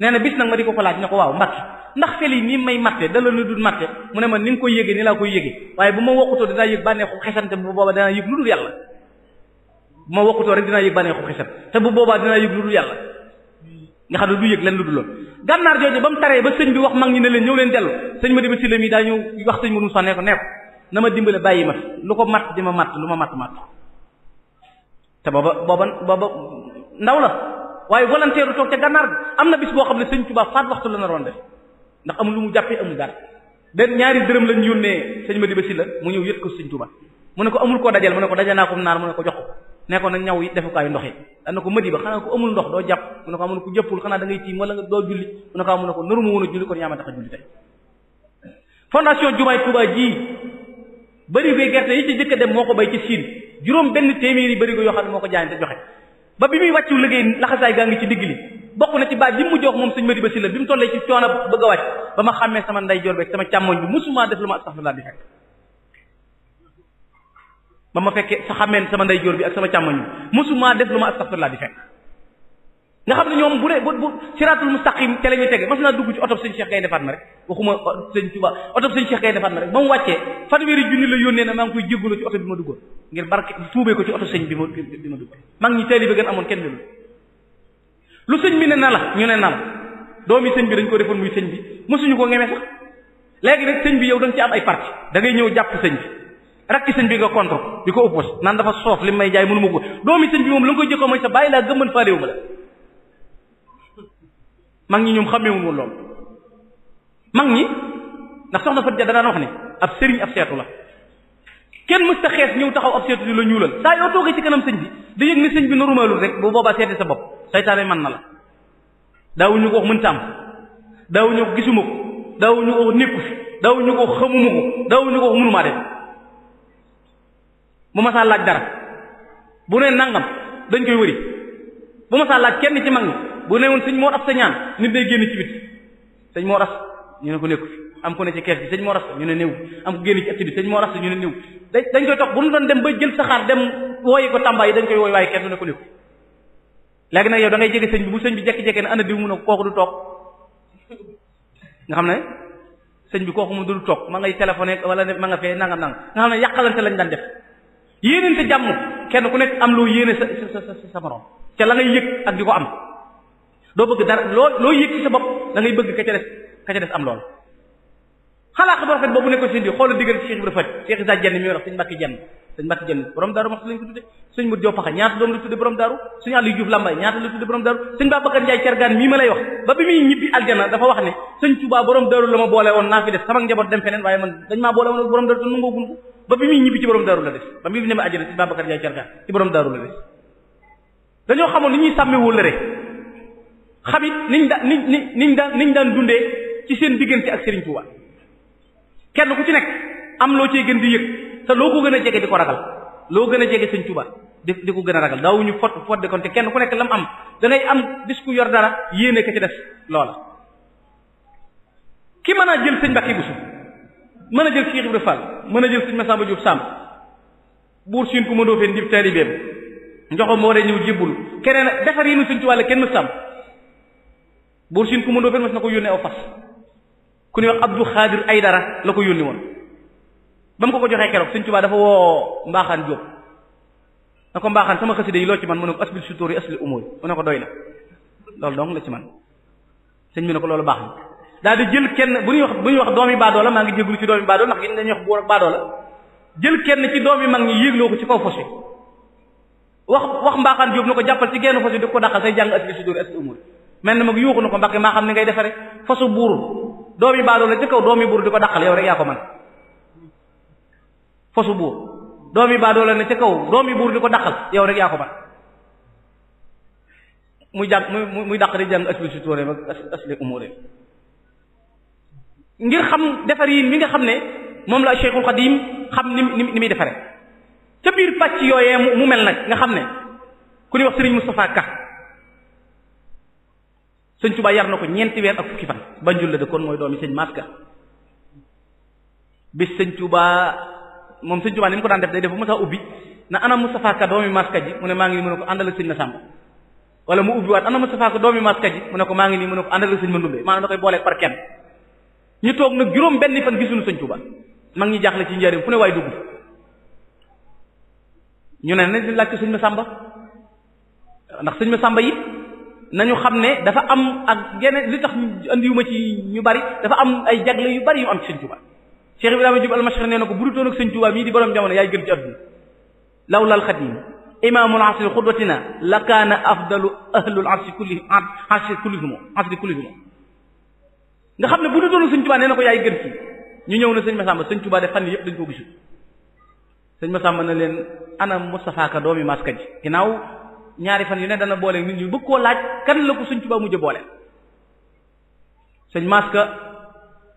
nee na bis nag ma di ko ko laaj ne ko waaw Mbacke ndax fel yi nii may matte dala lu dul matte mu ne ma ni nga ko yëgee ni laa koy yëgee waaye bu ma wokkutoo dinaa booba danaa yëg yàlla bu ma wokkutoo rek dinaa yëg bànneexu xisab te bu boobaa dinaa yëg lu dul yàlla nga xam ne du yëg lenn lu dul loolu gànnaar jooju ba mu taree ba sëñ bi wax mag ñi ne leen ñëw leen dellu sëñ ma dima sila mi daa ñëw wax sëñ mënum sanne ko nee ko dimbale bàyyi ma lu ko matt di ma matt lu ma matt matt te booba booba booba ndaw la waaye volontaire toog ca gànnaar bi am na bis boo xam ne sëñ Tuubaa faat waxtu la naroon def ndax lu mu jàppee amul dara den ñaari dërëm lañ yónnee sëñ ma diba si la mu ñëw yët ko sëñ Tuubaa mu ne ko amul koo dajal mu ne ko dajal naa ko naar mu ne ko jox nekkoon na ñaw yi defukaayu ndox yi daan na ko mëdi ba xanaa ko amul ndox doo jàpp mu ne ko amul ku jëppul xanaa da ngay ko amul ko naru a julli kon yaa ma tax a julli tey fondation jumaay Touba ji bëri gerte yi ci jëkk a dem moo ko bay ci Chine juróom benn téeméeri bëri ko yoo xam ne moo ko jaay te joxe ba bi muy wàccu liggéey laxasaay gaa ngi ci digg li bokk na ci baat bi mu jox moom sëñ Madi Basila bi mu tollee ci coono bëgg a wàcc ba ma xàmmee sama nday jor beeg sama càmmoñ bi musuma def lu ma astaghfirullah bi fekk ba ma fekkee sa xameen sama ndeyjoor bi ak sama càmmoñ bi mosuma def lu ma astaghfirullah di fekk nga xam ne ñoom bu dee bu bu siratul mustaqim te la ñuy tege mas dugg ci oto sëñ Cheikh Gaynde Fatma rek waxuma sëñ Tuba oto sëñ Cheikh Gaynde Fatma rek ba wàccee fanweeri junni la na maa ngi koy jégalu ci oto bi ma duggoon ngir barke tuubee ko ci oto sëñ bi ma bi ma duggoon maa ngi gën amoon kenn delu lu sëñ bi ne na la ñu ne na la doomi sëñ bi dañ ko defoon muy sëñ bi mosuñu ko ngemee sax léegi nag sëñ bi yow da ci am ay parti dangay ñëw jàpp sëñ bi rakki sëñ bi nga contre ko di ko oppose naan dafa soof li may jaay mënu ma ko doomi sëñ bi moom la nga koy jëkkoo mooy sa bàyyi laa gëmman faalewu ma la mag ñi ñoom xameewuñ woon loolu mag ñi ndax soxna Fatou Diagne da daan wax ne ab sëriñ ab seetu la kenn mës ta xees ñëw taxaw ab seetu la ñuulal saa yoo toogee ci kanam sëñ bi da yëg ne sëñ bi normalul rek bu boobaa seeti sa bopp saytaane mën na la daawuñu ko wax mën tàmm daawuñu ko gisuma ko daawuñu ko nekku ko xamuma ko daawuñu ko wax mënumaa bu ma saa laaj dara bu ne nangam dañ koy wëri bu ma saa laaj kenn ci mag ñi bu ne woon sëñ moo As sa ñaan nit day génn ci bit sëñ Mor As ñu ne ko nekku am ku ne ci kees bi sëñ Mor As ñu ne néew am ku génn ci ëtt bi sëñ Mor As ñu ne néew dañ koy topp bu ñu doon dem ba jël saxaar dem wooyi ko Tamba yi dañ koy wooy waaye kenn du ne ko nekku léegi nag yow da jege sëñ bi bu sëñ bi jekki-jekkee ne ana diw mun a kooku du toog nga xam ne sëñ bi kooku mu du toog ma ngay téléphoné wala ma nga fee nangam nangam nga xam ne lañ daan def yéenente jàmm kenn ku nekk am loo yéene sa sa sa sa morom ca la ngay yëg ak di ko am doo bëgg dara loo loo yëg ci sa bopp da ngay bëgg ka des ka des am lool. xalaat bu rafet boobu nekkoon seen bi xoolal diggante Cheikh Ibrahima ñaata doom la tudde borom daaru sëñ Aliou Diouf Lambaye ñaata la tudde borom daaru sëñ Babacar Njaay Cergaan mii ma lay wax ba bi muy ñibbi aljana dafa wax ne sëñ Tuubaa borom daaru la ma boole woon naa fi def sama njaboot dem feneen ba bi muy ñibbi ci borom daaru la des ba muy fi demee àjjana ci Babacar Ndiaye Carga ci borom daaru la des dañoo xamoon ni ñuy sàmmee wóllëre xam it niñ daan niñ niñ daan niñ daan dundee ci seen diggante ak Serigne Touba kenn ku ci nekk am loo cee gën di yëg te loo ko gën a jege di ko ragal loo gën a jege sëñ Touba di di ko gën a ragal daawuñu fot fot de kon kenn ku nekk lam am dangay am bis ku yor dara yéene ka ci def loola ki mën a jël sëñ Mbacke Bousso mën a jël Cheikh Ibrahima Fall mën a jël sëñ Massamba Diop Samb buur siin ku ma doo fee ndib taalibeem njoxo moo dee ñëw jébbul keneen defar yi nu sëñ ci wàll kenn mës sàmm buur siin ku ma doo fee mas na ko yónnee aw fas ku ñuy wax Abdou Khadir Aydara la ko yónni woon ba mu ko ko joxee keroog sëñ Tuubaa dafa woo Mbaaxaan Diop na ko Mbaaxaan sama xasida yi loo ci man mu ne ko asbil sutóor yi mu ne ko doy na loolu donc la ci man sëñ bi ne ko loolu baax na daal di jël kenn bu ñuy wax bu ñuy wax doom doomi baadoola maa ngi jéglu ci doomi baadoola ndax yéen dañuy wax buur ak baadoola jël kenn ci doom yi mag ñi yéegloo ko ci kaw fos wi wax wax mbaaxaan jóob na ko jàppal ci genn fos wi di ko daqal say jàng asli si dóor asti umur mel na mag na ko mbaqi maa xam ni ngay defare fasu buur doomi baadoola ci kaw doomi buur di ko daqal yow yaa ko man fasu buur doomi baadoola ne ci kaw doomi buur di ko daqal yow rek yaa ko man muy jàng muy muy daq di ngir xam defar yi mi nga xam ne moom la Cheikhul Xadim xam ni ni ni muy defaree ca biir pàcc yooyee mu mel nag nga xam ne ku ñuy wax Serigne Moustapha Ka sëñ Tuubaa yar na ko ñeenti weer ak fukki fan Banjul la dëkkoon mooy doomi sëñ Maska bis sëñ Tuubaa moom sëñ Tuubaa ni mu ko daan def day def bu mësa ubbi na ana Moustapha doomi Maska ji mu ne maa ngi nii mu ne ko àndal ak sëñ na sàmb mu ubbi waat ana Moustapha doomi Maska ji mu ne ko maa ngi nii ñu toog nag juróom benn fan gisuñu sëñ Tuuba mag ñi jaaxle ci njariñ fu ne waaye dugg ñu ne nañ laaj ko sëñ Masamba ndax sëñ Masamba yi nañu xam ne dafa am ak geneen li tax andiwuma ci ñu bari dafa am ay jagle yu bari yu am ci sëñ Tuuba Cheikh Ibrahima Diouf al nee na ko bu dutoon ak sëñ Tuuba mii di borom jamono yaay gën ci àdduna lawlal xadim imaamul asri xudwatina la kaana afdalu ahlul asri kulli asri kullihum asri kullihum nga xam ne bu du doon sëñ Tuubaa ko yaay gën ñu ñëw na sëñ Masamba sëñ Tuubaa de fan yii yëpp dañ ko gisul sëñ Masamba na leen anam Moustapha Ka doomi maska ji ginnaaw ñaari fan yu ne dana boole nit ñu bëgg koo laaj kan la ko sëñ Tuubaa mujj boole sëñ maska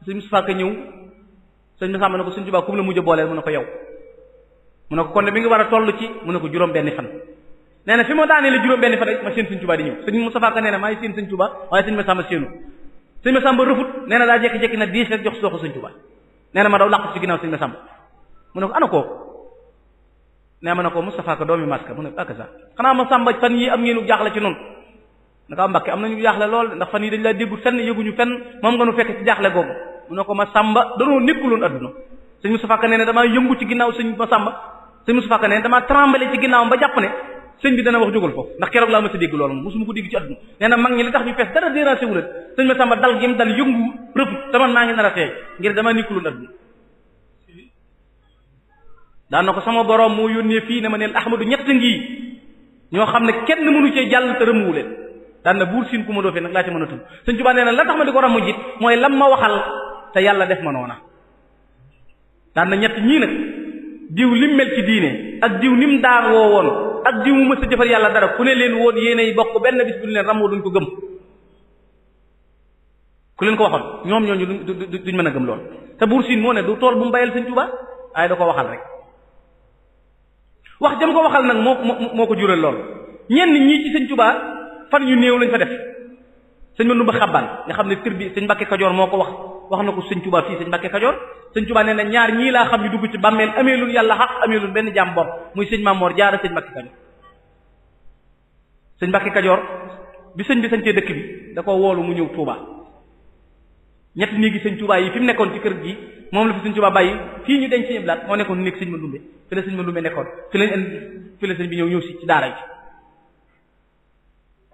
sëñ Moustapha Ka ñëw sëñ Masamba na ko sëñ Tuubaa kum la mujj booleel mu ne ko yow mu ne ko war a toll ci mu ne ko juróom benn fan nee na fi ma daanee nee na maa ngi seen sëñ Tuubaa waaye sëñ Masamba seenu sëñ Masamba rëfut nee na daa jékki-jékki na diis rek jox sooxu sëñ Tuubaa nee na ma daw làqu ci ginnaaw sëñ Masamba mu ne ko ana kooku ma ne ko Moustapha ko doomi maska mu ne ko akasa xanaa Masamba yi am ngeenu jaaxle ci noonu ne ko ah, Mbàkke am nañu jaaxle lool ndax fan yi dañ laa déggu fenn yëguñu fenn moom nga nu fekk ci jaaxle googu mu ne ko Masamba danoo nekkuloon adduna sëñ Moustapha Ka nee na damaa yëngu ci ginnaaw sëñ Masamba sëñ Moustapha Ka nee na damaa trembler ci ginnaawam ne sëñ bi dégg ci adduna nee mag ñi li tax ñu fees dara déranger wu sëñ ma sàmba dal gi mu dal yëngu rëbb taman maa ngi nar a ngir dama nikkulu ndab bi daan na ko sama borom moo yónnee fii ne ma neen ahmadu ñett ngi ñoo xam ne kenn mënu cee jàll te rëmuwu leen daan na buur siin ku ma doo fee laa ci mën a tudd sëñ Tuubaa nee na la tax ma di ko ramu jit mooy lam ma waxal te yàlla def ma noona daan na ñett ñii nag diw lim mel ci diine ak diw ni mu woo woon ak diw mu mës a jëfal yàlla dara ku ne leen woon yéenay bokk benn bis bu ko gëm ku leen ko waxoon ñoom ñooñu duñ duñ mën a gëm lool te buur siin moo ne du tool bu mu bayal sëñ Tuubaa waaye da ko waxal rek wax jëm ko waxal nag moo moo ko jural lool ñenn ñii ci sëñ Tuubaa fan yu néew lañ fa def sëñ ma numba xabbaan nga xam ne tër bi sëñ Mbàkke Kajoor moo ko wax wax na ko sëñ Tuubaa fii sëñ Mbàkke Kajoor sëñ na ñaar ñii laa xam ñu dugg ci bàmmeel ameelul yàlla xaq ameelul benn jàmm bopp muy sëñ Maamoor Jaara sëñ Mbàkke Kajoor Kajoor bi sëñ bi sañcee dëkk bi da ko woolu mu ñëw Tuubaa ñetti néegi sëñ Touba yi fi mu nekkoon ci kër gi moom la fi sëñ Touba bàyyi fii ñu denc sëñ blaat moo nekkoon néeg sëñ ma lumbe fi la sëñ ma lumbe nekkoon fi lañ bi ñëw ñëw si ci daara ji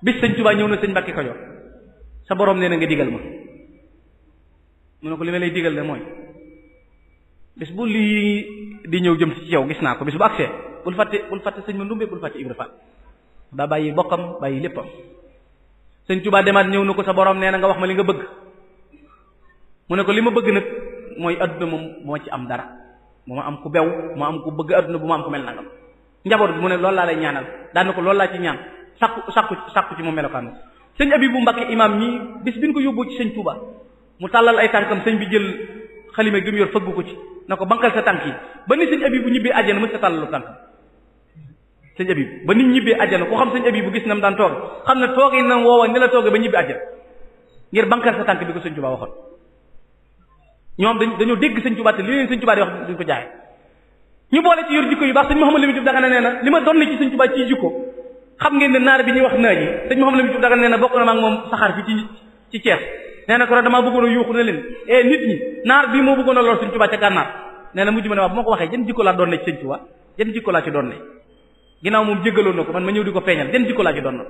bis sëñ Touba ñëw na sëñ Mbàkke Kajoor sa borom nee na nga digal ma mu ne ko li ma lay digal la mooy bis bu lii di ñëw jëm ci yow gis naa ko bis bu agsee bul fàtte bul fàtte sëñ ma lumbe bul fàtte Ibra Fall daa bàyyi bokkam bàyyi léppam sëñ Touba demaat ñëw na ko sa borom nee na nga wax ma li nga bëgg mu ne ko li ma bëgg nag mooy adduna moom moo ci am dara moo ma am ku bew moo am ku bëgg adduna bu ma am ku mel nangam njaboot bi mu ne lool laa lay ñaanal daan na ko loolu laa ci ñaan sakku sakku sakku ci mu melokaan sëñ Abibu Mbàkke imaam mii bis bi ñu ko yóbboo ci sëñ Touba mu tàllal ay tànkam sëñ bi jël xalima gi mu yor fëgg ko ci ne ko bankal sa tànk yi ba ni sëñ bu ñibbee àjjana mës sa tàllalu tànk sëñ Abibu ba ni ñibbee àjjana ku xam sëñ Abibu gis na daan tooge xam na woowa ni la tooge ba ñibbee àjjana ngir bankal sa tànk bi ko sëñ Touba waxoon ñoom dañ dañoo dégg sëñ Tuubaa te li leen sëñ Tuubaa di wax duñ ko jaay ñu boole ci yor jikko yu baax sëñ Mouhamadou Lamine Diop Dagana nee na li ma doon ci sëñ Tuubaa ci jikko xam ngeen ne naar bi ñuy wax naaj yi sëñ Mouhamadou Lamine Diop Dagana nee na bokk na ma ak moom saxaar fi ci ci Cees ko damaa bëggoon a yuuxu ne leen eh nit ñi naar bii moo bëggoon a lor sëñ ca gànnaar nee mujj ma ne waa bu ma ko waxee jën jikko laa doon ne ci sëñ Tuubaa jën jikko laa ci doon ne ginnaaw moom jéggaloon ko man ma ñëw di ko feeñal jën jikko laa ci doon na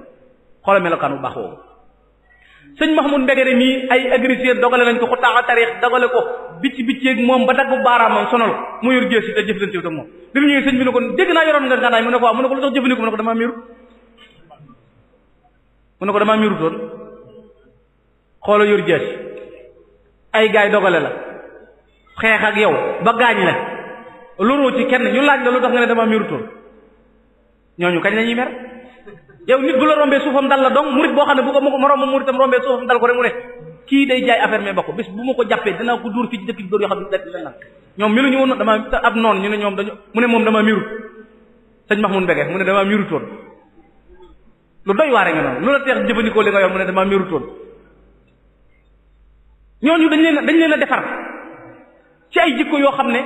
xoolal melokaan sëñ Mahmoud Mbegere mii ay agresseur dogale nañ ko xutaaxa tarix dogale ko bicc bicceeg moom ba dagg baaraamam sonal mu yor jësi te jëflante ak moom bi mu ñëwee sëñ bi ne ko dégg naa yoroon nga gànnaay mu ne ko waaw ko lu tax jëfandikoo mu ne ko miirut mu ne ko damaa miirut woon xoola yor jësi ay gaay dogale la xeex ak yow ba gaañ la loroo ci kenn ñu laaj la lu tax nga ne damaa miirut ñooñu kañ lañuy mer yow nit bu la rombee suufam dal la donc murit boo xam ne bu ko moroomam muritam rombee suufam dal ko rek mu ne kii day jaay affaire mais bokk bis bu ma ko jàppee dinaa ko dóor fii ci dëkk bi dóor yoo xam ne dina nag ñoom mi lu ñu woon dama ab noonu ñu ne ñoom dañu mu ne moom dama mirut sëñ Mahmoud mu ne dama mirutoon lu doy waare nga noonu lu la teex jëfandikoo li nga yor mu ne dama mirutoon ñooñu dañu leen dañu leen a defar ci ay jikko yoo xam ne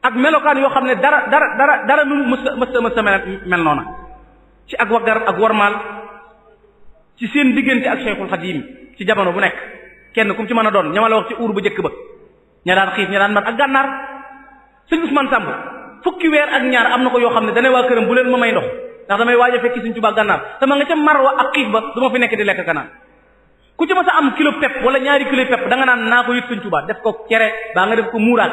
ak melokaan yoo xam ne dara dara dara dara mu mës mës mel noona ci ak war waggar ak wormaal ci seen diggante ak Cheikhul Xadim ci jamono bu nekk kenn ku ci mën a doon ñama la wax ci uur ba jëkk ba ña daan xiif ña daan man ak gànnaar sëñ Ousmane Samb fukki weer ak ñaar am na ko yoo xam ne danay waa këram bu leen ma may ndox ndax damay waaj a fekki sëñ Tuubaa gànnaar nga ca marwa ak xiif ba du ma di lekk kanaan ku ci ma sa am kilo pepp wala ñaari kilo pepp danga naan naa ko yët sëñ Tuubaa def ko cere baa nga def ko muuraat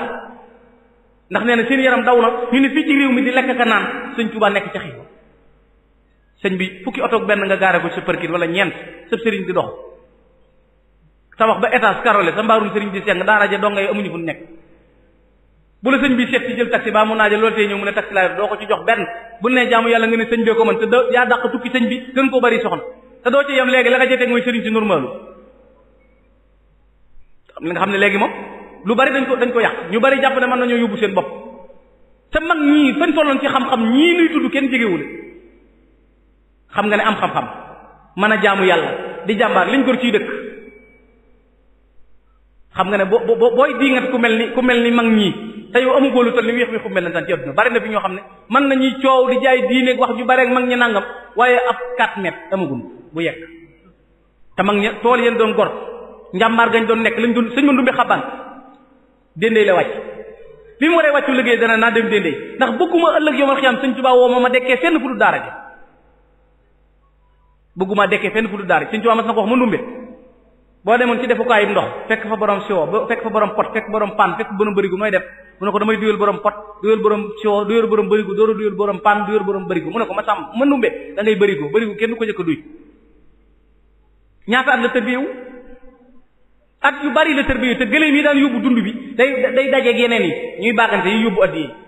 ndax nee na seen yaram daw na ñu ne fii ci réew mi di lekk kanaan sëñ Tuubaa nekk ca xiif ba sëñ bi fukki oto benn nga gaare ko sa parking wala ñeent sëb sëriñ di dox tabax ba étage carrelé sa mbaarum sëriñ di seng daara ja dongay amuñu fu nekk bu la sëñ bi seet ci jël taxi baa mu naaje loolu tey ñëw mu ne taxi laa doo ko ci jox benn bu ne jaamu yàlla nga ne sëñ bee ko mën te da yaa dàq tukki sëñ bi gën koo bari soxna te doo ci yam léegi la nga jotee mooy sëriñ si normalu nga xam ne léegi moom lu bari dañ ko dañ ko yàq ñu bari jàpp ne mën nañoo yóbbu seen bopp te mag ñii fañ tolloon ci xam-xam ñii nuy kenn jegewule xam nga ne am xam-xam mën a jaamu yàlla di jàmbaar liñ gor ciy dëkk xam nga ne boo boo booy diingat ku mel ni ku mel ni mag ñii te yow amu góolu toll ni wéex wéexu mel na tan ci bari na fi ñoo xam ne mën nañuy coow di jaay diineeg wax ju bareeg mag ñi nangam waaye ab 4 mètres amagun bu yekk te mag ña tool yéen doon gor njàmbaar gañ doon nekk lañ doon sëñ ma ndumbi xaban déndey la wàcc li mu waree wàccu liggéey dana naa dem déndey ndax bëgguma ëllëg yomal xiyam sëñ Tuubaa woo ma ma dekkee fenn fu du daara bëgguma dekkee fenn fu du daara suñ tubaab mas na ko ma ndumbe boo demoon ci defukaayub ndox fekk fa borom siwo ba fekk fa borom pot fekk borom pan fekk borom bërigu nooy def mu ne ko damay borom pot duyal borom siwo duyal borom bërigu dóora duyal borom ko ma sàmm ma ndumbe da ngay bërigu kenn du ko jëkk duy ñaata at la tërbiyewu at yu bari la tërbiyewu te gëléem yi daan yóbbu dund bi day day dajeeg yeneen yi ñuy bàggante yi yóbbu at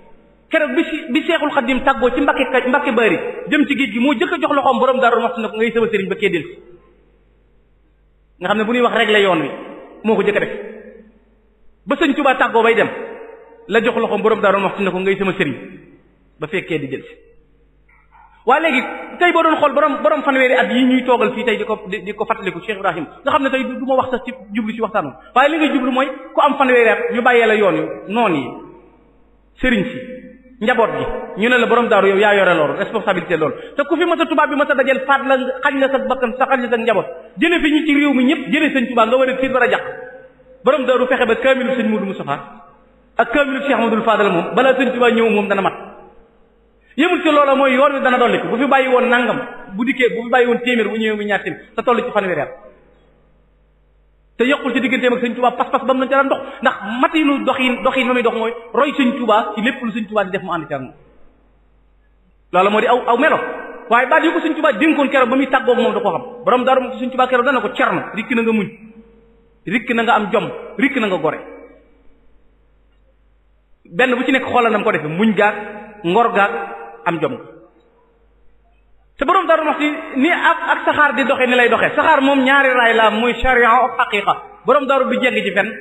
keroog bi si bi seexul xadim tàggoo ci mbakke ka mbakke bari jëm ci géej gi moo jëkk a jox loxoom borom daaru wax na ko ngay xam ne bu ñuy wax régler yoon wi moo ko jëkk a def ba sëñ Tuubaa bay dem la jox loxoom borom daaru wax na ko ngay sama sëriñ ba fekkee di delsi waa léegi tey boo doon xool borom borom fanweeri at yi ñuy toogal fii tey di ko di ko fàttaliku Cheikh Ibrahim nga xam ne tey du ma wax sax ci jublu ci waxtaan waaye li ngay jublu mooy ku am fanweeri at ñu bàyyee la yoon yu noon yi sëriñ si njaboot gi ñu ne la borom daaru yow yaa yore loolu responsabilité loolu te ku fi mas a tubaab bi mas a faat la xañ la sa bakkan sa xañ la sa njaboot jële fi ñu ci réew mi ñëpp jële sëñ Tuubaa a tiit war a jàq borom daaru moom balaa sëñ Tuubaa ñëw moom dana mat yëmul ci loola mooy yoon wi dana dolli ko bu fi bàyyi woon nangam bu dikkee bu fi bàyyi woon téeméer bu ñëwee mu ñaar téeméer te toll ci fanweer te yokkul ci digganteem ak sëñ Tuubaa pas-pas ba mu nañ ca daan dox ndax matinu doxin doxin ma muy dox mooy roy sëñ Tuubaa ci lépp lu sëñ Tuubaa di def mu ànd ca moom loolu moo di aw aw melo waaye baat yu ko sëñ Tuubaa dénkoon keroog ba muy tàggoog moom da ko xam borom daaru ko sëñ ko cerno rikk na nga muñ rikk na nga am jom rikk na nga gore benn bu ci nekk xoolal na mu ko defee muñ gaag ngor gaag am jom te borom Darou Mouhty ni ak saxaar di doxe ni lay doxe saxaar moom ñaari raay laa muy sharia ak xaqiqa borom Darou du jégg ci fenn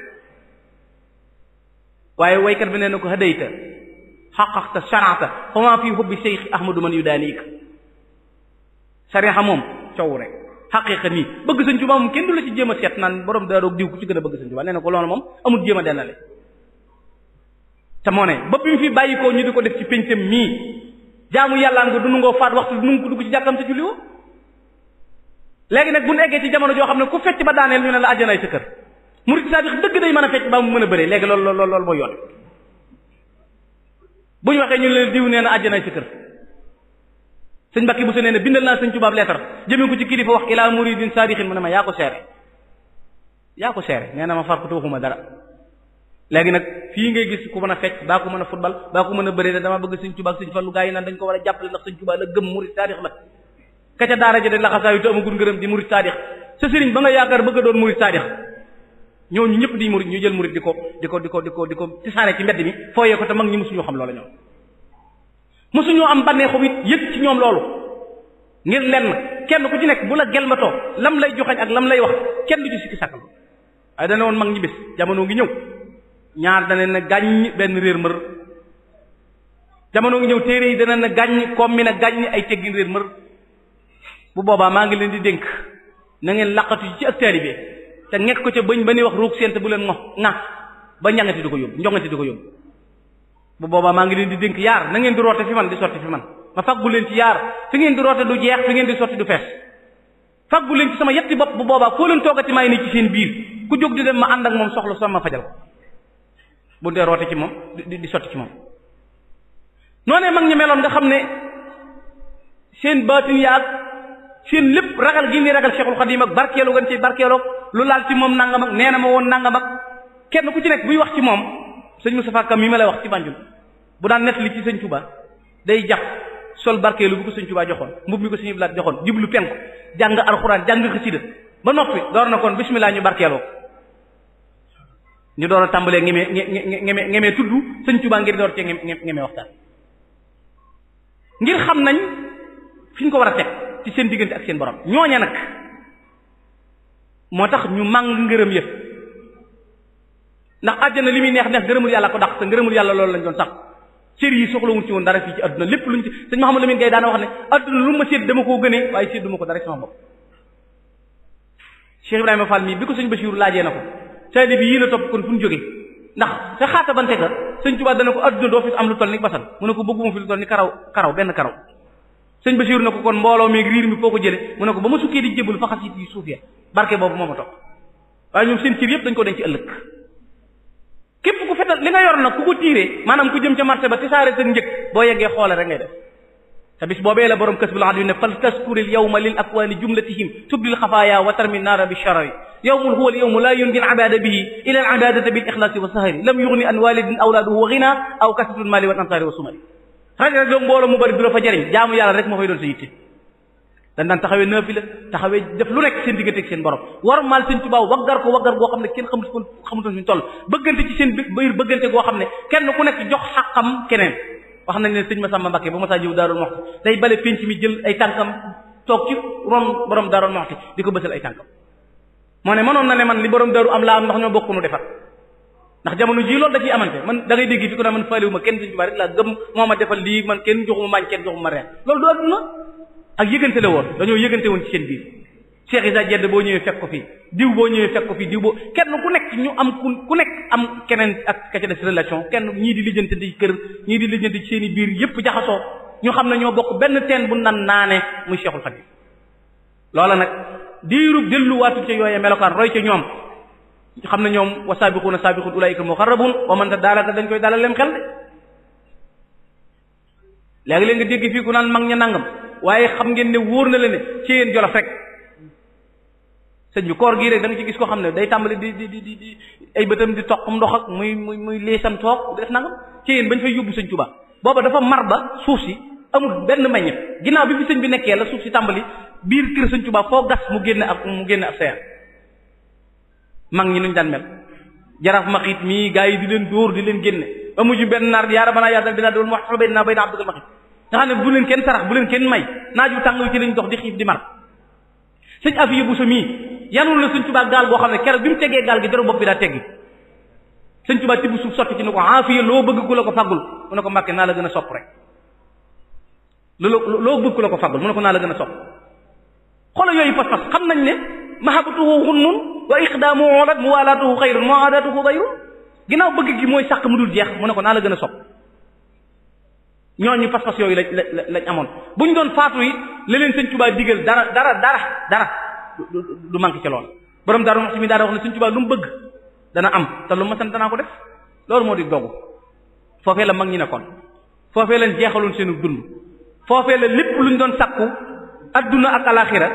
waaye waykat bi nee na ko hadayta xaqaqta sharaata fa maa fii hubbi Cheikh Ahmadou man yudaaniik sharia moom coow rek xaqiqa nii bëgg Sëñ Tuubaa moom kenn du la ci jéem a seet naan borom Darou diw ku ci gën a bëgg Sëñ nee na ko loolu moom amul jéem a dennale te moo ne ba bi mu ñu di ko def ci pencam mii jaamu yàllaan ko du nungoo faat waxtu du nungu ko dugg ci jàkkam te julli léegi nag bu nu eggee ci jamono joo xam ne ku fecc ba daaneel ñu ne la àjjanaay sa kër murid saadix dëgg day mën a fecc ba mu mën a bëree léegi loolu loolu loolu mooy yoon bu ñu waxee ñu leen diw nee na àjjanaay sa kër sëñ Mbàkke bu sa nee na bindal naa sëñ tubaab leetar jëmee ko ci kilifa wax ilaa muridin saadixin mu ne ma yaa ko seere yaa ko seere nee na ma far ko waxuma dara léegi nag fii ngay gis ku mën a fecc baa ko mën a football baa ko mën a bëri dama bëgg Sëriñ Tuubaa ak Sëriñ Fallu gaa yi naan dañ ko war a jàppale ndax Sëriñ Tuubaa la gëm murid taarix la ka ca daara ja de laxasaayu te amagul ngërëm di murid taarix sa sëriñ ba nga yaakaar bëgg a doon murid ñoo ñu ñëpp di murid ñu jël murid di ko di ko di ko di ko di ko tisaane ci di mi fooyee ko te mag ñi mosuñoo xam loola ñoom mosuñoo am bannee xob it yëg ci ñoom loolu ngir lenn kenn ku ci nekk bu la gelmatoo lam lay joxañ ak lam lay wax kenn du ci sikki sàkkal woon mag ñi bis jamono ngi ñëw ñaar dana na gàññ benn réer mër jamono ngi ñëw téere yi dana na gàññ comme mi na gàññ ay teggin réer mër bu boobaa maa ngi leen di dénk na ngeen laqatu ci ak taalibe te nekk ko ca bëñ ba ni wax ruug sent bu leen ngo ŋa ba njàngati di ko yóbbu njongati di ko yóbbu bu boobaa maa ngi leen di dénk yaar na ngeen di roote fi man di sotti fi man ma faggu leen ci yaar fi ngeen di roote du jeex fi ngeen di sotti du fees faggu leen ci sama yetti bopp bu boobaa foo leen toogati may ni ci seen biir ku jóg di dem ma ànd ak moom soxla sama fajal bu dee roote ci moom di di sotti ci moom noonee mag ñi meloon nga xam ne seen baatin yi ak seen lépp ragal gi ñuy ragal Cheikhul Khadim ak barkeelu gën ci barkeeloo lu laal ci moom nangam ak nee na ma woon nangam ak kenn ku ci nekk buy wax ci moom sëñ Moustapha Kam yi ma lay wax ci Banjul bu daan nettali ci sëñ Touba day jàpp sol barkeelu bu ko sëñ Touba joxoon mbub mi ko sëñ laa joxoon jiblu penku jàng alxuraan jàng xasida ba noppi door na kon bismillah ñu barkeeloo ñu door a tàmbalee ñemee ñemee ñemee tudd sëñ Tuubaa ngir door cee ñemee waxtaan ngir xam nañ fi ñu ko war a teg ci seen diggante ak seen borom ñooña nag moo tax ñu màng ngërëm yëpp ndax àjjana li muy neex neex ngërëmul yàlla ko dàq te ngërëmul yàlla loolu lañ doon tax cër yi soxlawuñ ci woon dara fii ci adduna lépp luñ ci sëñ Mouhamadou Lamine Gaye daana wax ne adduna lu ma seet dama koo gënee waaye seet duma ko dara sama bopp Cheikh Ibrahima Fall bi ko sëñ Bachir laajee na ko taalibe yi la topp kon fu ñu jógee ndax sa xaatabante ka sëñ Tuubaa dana ko adduna doo fi am lu toll ni basal mu ne ko bëgguma fi lu toll ni karaw karaw benn karaw sëñ Basiiru ne ko kon mbooloo meeg riir mi foo ko jële mu ne ko ba ma sukkee di jébbalu fa xasit yi suuf ya barke boobu moo ma topp waaye ñoom seen cër yëpp dañ ko ci ëllëg képp ku fetal li nga yor nag ku ko tiiree maanaam ku jëm ca marché ba tisaare seen njëg boo yeggee xoole rek te bis boobee la borom kasbul adwi ne fal taskuril yawma lil akwaani jumlatihim tubdil xafaaya wa tarmi naara bi sharawi yawmul huwa al yawmu laa yungi al abada bihi ila al abadata bil ixlaasi wa sahari lam yugni an walidin awlaaduhu wa ghina aw kasratul maali wal ansaari wa sumari raj raj loolu mbooloo mu bari du la fa jariñ jaamu yàlla rek moo fay doon sa yitte dañ daan taxawee naafila taxawee def lu nekk seen diggante ak seen borom war maal seen tubaab waggar ko waggar goo xam ne kenn xamut ko xamutoon suñu toll bëggante ci seen biir bëggante goo xam ne kenn ku nekk jox xaqam keneen wax nañ ne sëñ Masamba Mbakke ba Moussa Diouf Darou Moukhty day bale penc mi jël ay tànkam toog ci rom borom Darou Moukhty di ko bësal ay tànkam moo ne mënoon na ne man ni borom Darou am laa am ndax ñoo bokk nu defar ndax jamono jii loolu da ciy amante man da ngay dégg fi ku ne man faaliwuma kenn sëñ Tuubaa rek laa gëm moo ma defal lii man kenn joxuma maañ kenn joxuma ma reen loolu du adduna ak yëgante la woon dañoo yëgante woon ci seen biir Cheikh Issa Dieng boo ñëwee fekk ko fii diw boo ñëwee fekk ko fii diw boo kenn ku nekk ñu am ku nekk am keneen ak ka kenn ñii di lijjante di kër ñii di lijjante ci seen i biir yëpp jaxasoo ñu xam ne ñoo bokk benn teen bu nan naane muy Cheikhul Khadim loola nag diirub delluwaatu ca yooyee melokaan roy ca ñoom xam ne ñoom wa sabiquna sabiqun ulaika muqarrabun wa man tadalaka dañ koy dalal leen xel de léegi-léeg nga dégg fii ku naan mag ña nangam waaye xam ngeen ne wóor na leen ne ci yéen jolof rek sëñ bi koor gii rek da ci gis koo xam ne day tàmbali di di di di ay bëtam di toq ndox ak muy muy muy liisam toog def nangam ci yéen bañ fay yóbbu sëñ booba dafa mar ba suuf si amul benn meññeef ginnaaw bi fi sëñ bi nekkee la suuf si tàmbali biir kër sëñ Tuubaa foo mu génne ak mu génne ak seer mag ñi nuñ daan mel jaraaf maxit mii gaa yi di leen dóor di leen génne amuñu benn naar yaara banaa yaadal binaa dool mu wax bay naa bay naa abdul maxit nga bu leen kenn bu leen kenn may naaju tàng ci lañ dox di xiif di mar sëñ afiya bu sa mii yanul la sëñ Tuubaa gaal boo xam ne keroog bi mu tegee gaal gi jëru bopp bi daa teggi sëñ Tuubaa tibb suuf sotti ci ni ko aafiya loo bëgg ku la ko faggul mu ne ko Mbàkke naa la gën a sopp rek loo loo bëgg ko faggul mu ko naa la gën a sopp xoolal yooyu pas-pas xam nañ ne mahabbatuhu xunnun wa iqdaamu olat muwaalaatuhu xayrun muaadaatuhu dayrun ginnaaw bëgg gi mooy sàq mu dul jeex mu ne ko naa la gën a sopp ñooñu pas-pas yooyu lañ lañ amoon bu ñu doon faatu yi la leen sëñ Tuubaa digal dara dara dara dara du du manqué ca lool boroom daaru wax ci mi daa wax na Sëriñ Tuubaa lu mu bëgg dana am te lu ma danaa ko def loolu moo di dogu foofee la mag ñi nekkoon foofee lañ jeexaloon seenu dund foofee la lépp luñ doon sakku adduna ak alaxira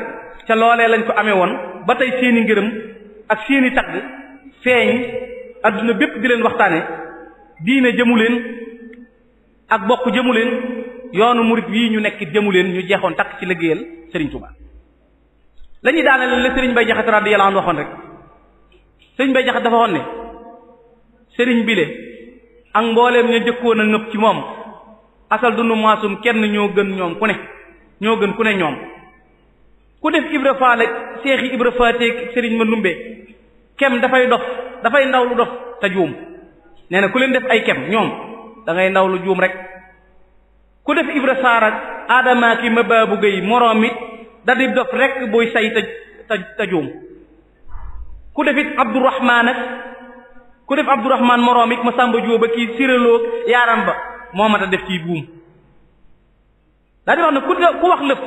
ca loolee lañ ko amee woon ba tey seeni ngërëm ak seeni tagg feeñ àdduna bépp di leen waxtaane diine jëmu leen ak bokk jëmu leen yoonu murit wii ñu nekk jëmu leen ñu jeexoon takk ci liggéeyal Sëriñ Tuubaa lañuy ñuy daaneel la Serigne Baye Jaxate radiyallahu anhu waxoon rek Serigne Baye Jaxate dafa waxoon ne bile ak mbooleem ñu jëkkoon a nëpp ci moom asal dunu maasum kenn ñoo gën ñoom ku ne ñoo gën ku ne ñoom ku def Ibra Faal ak Seexi Ibra Faal teeg Serigne ma numbe kem dafay dof dafay ndaw lu dof te juum nee ku leen def ay kem ñoom dangay ndaw lu juum rek ku def Ibra Saar ak ma baabu gay moroom it da di dof rek booy say ta ta ta juum ku def it Abdourahman ak ku def Abdourahman moroom ma sàmba jóoba kii siraloog yaaram ba moo mat a def ciy buum daa di wax ne ku ku wax lëf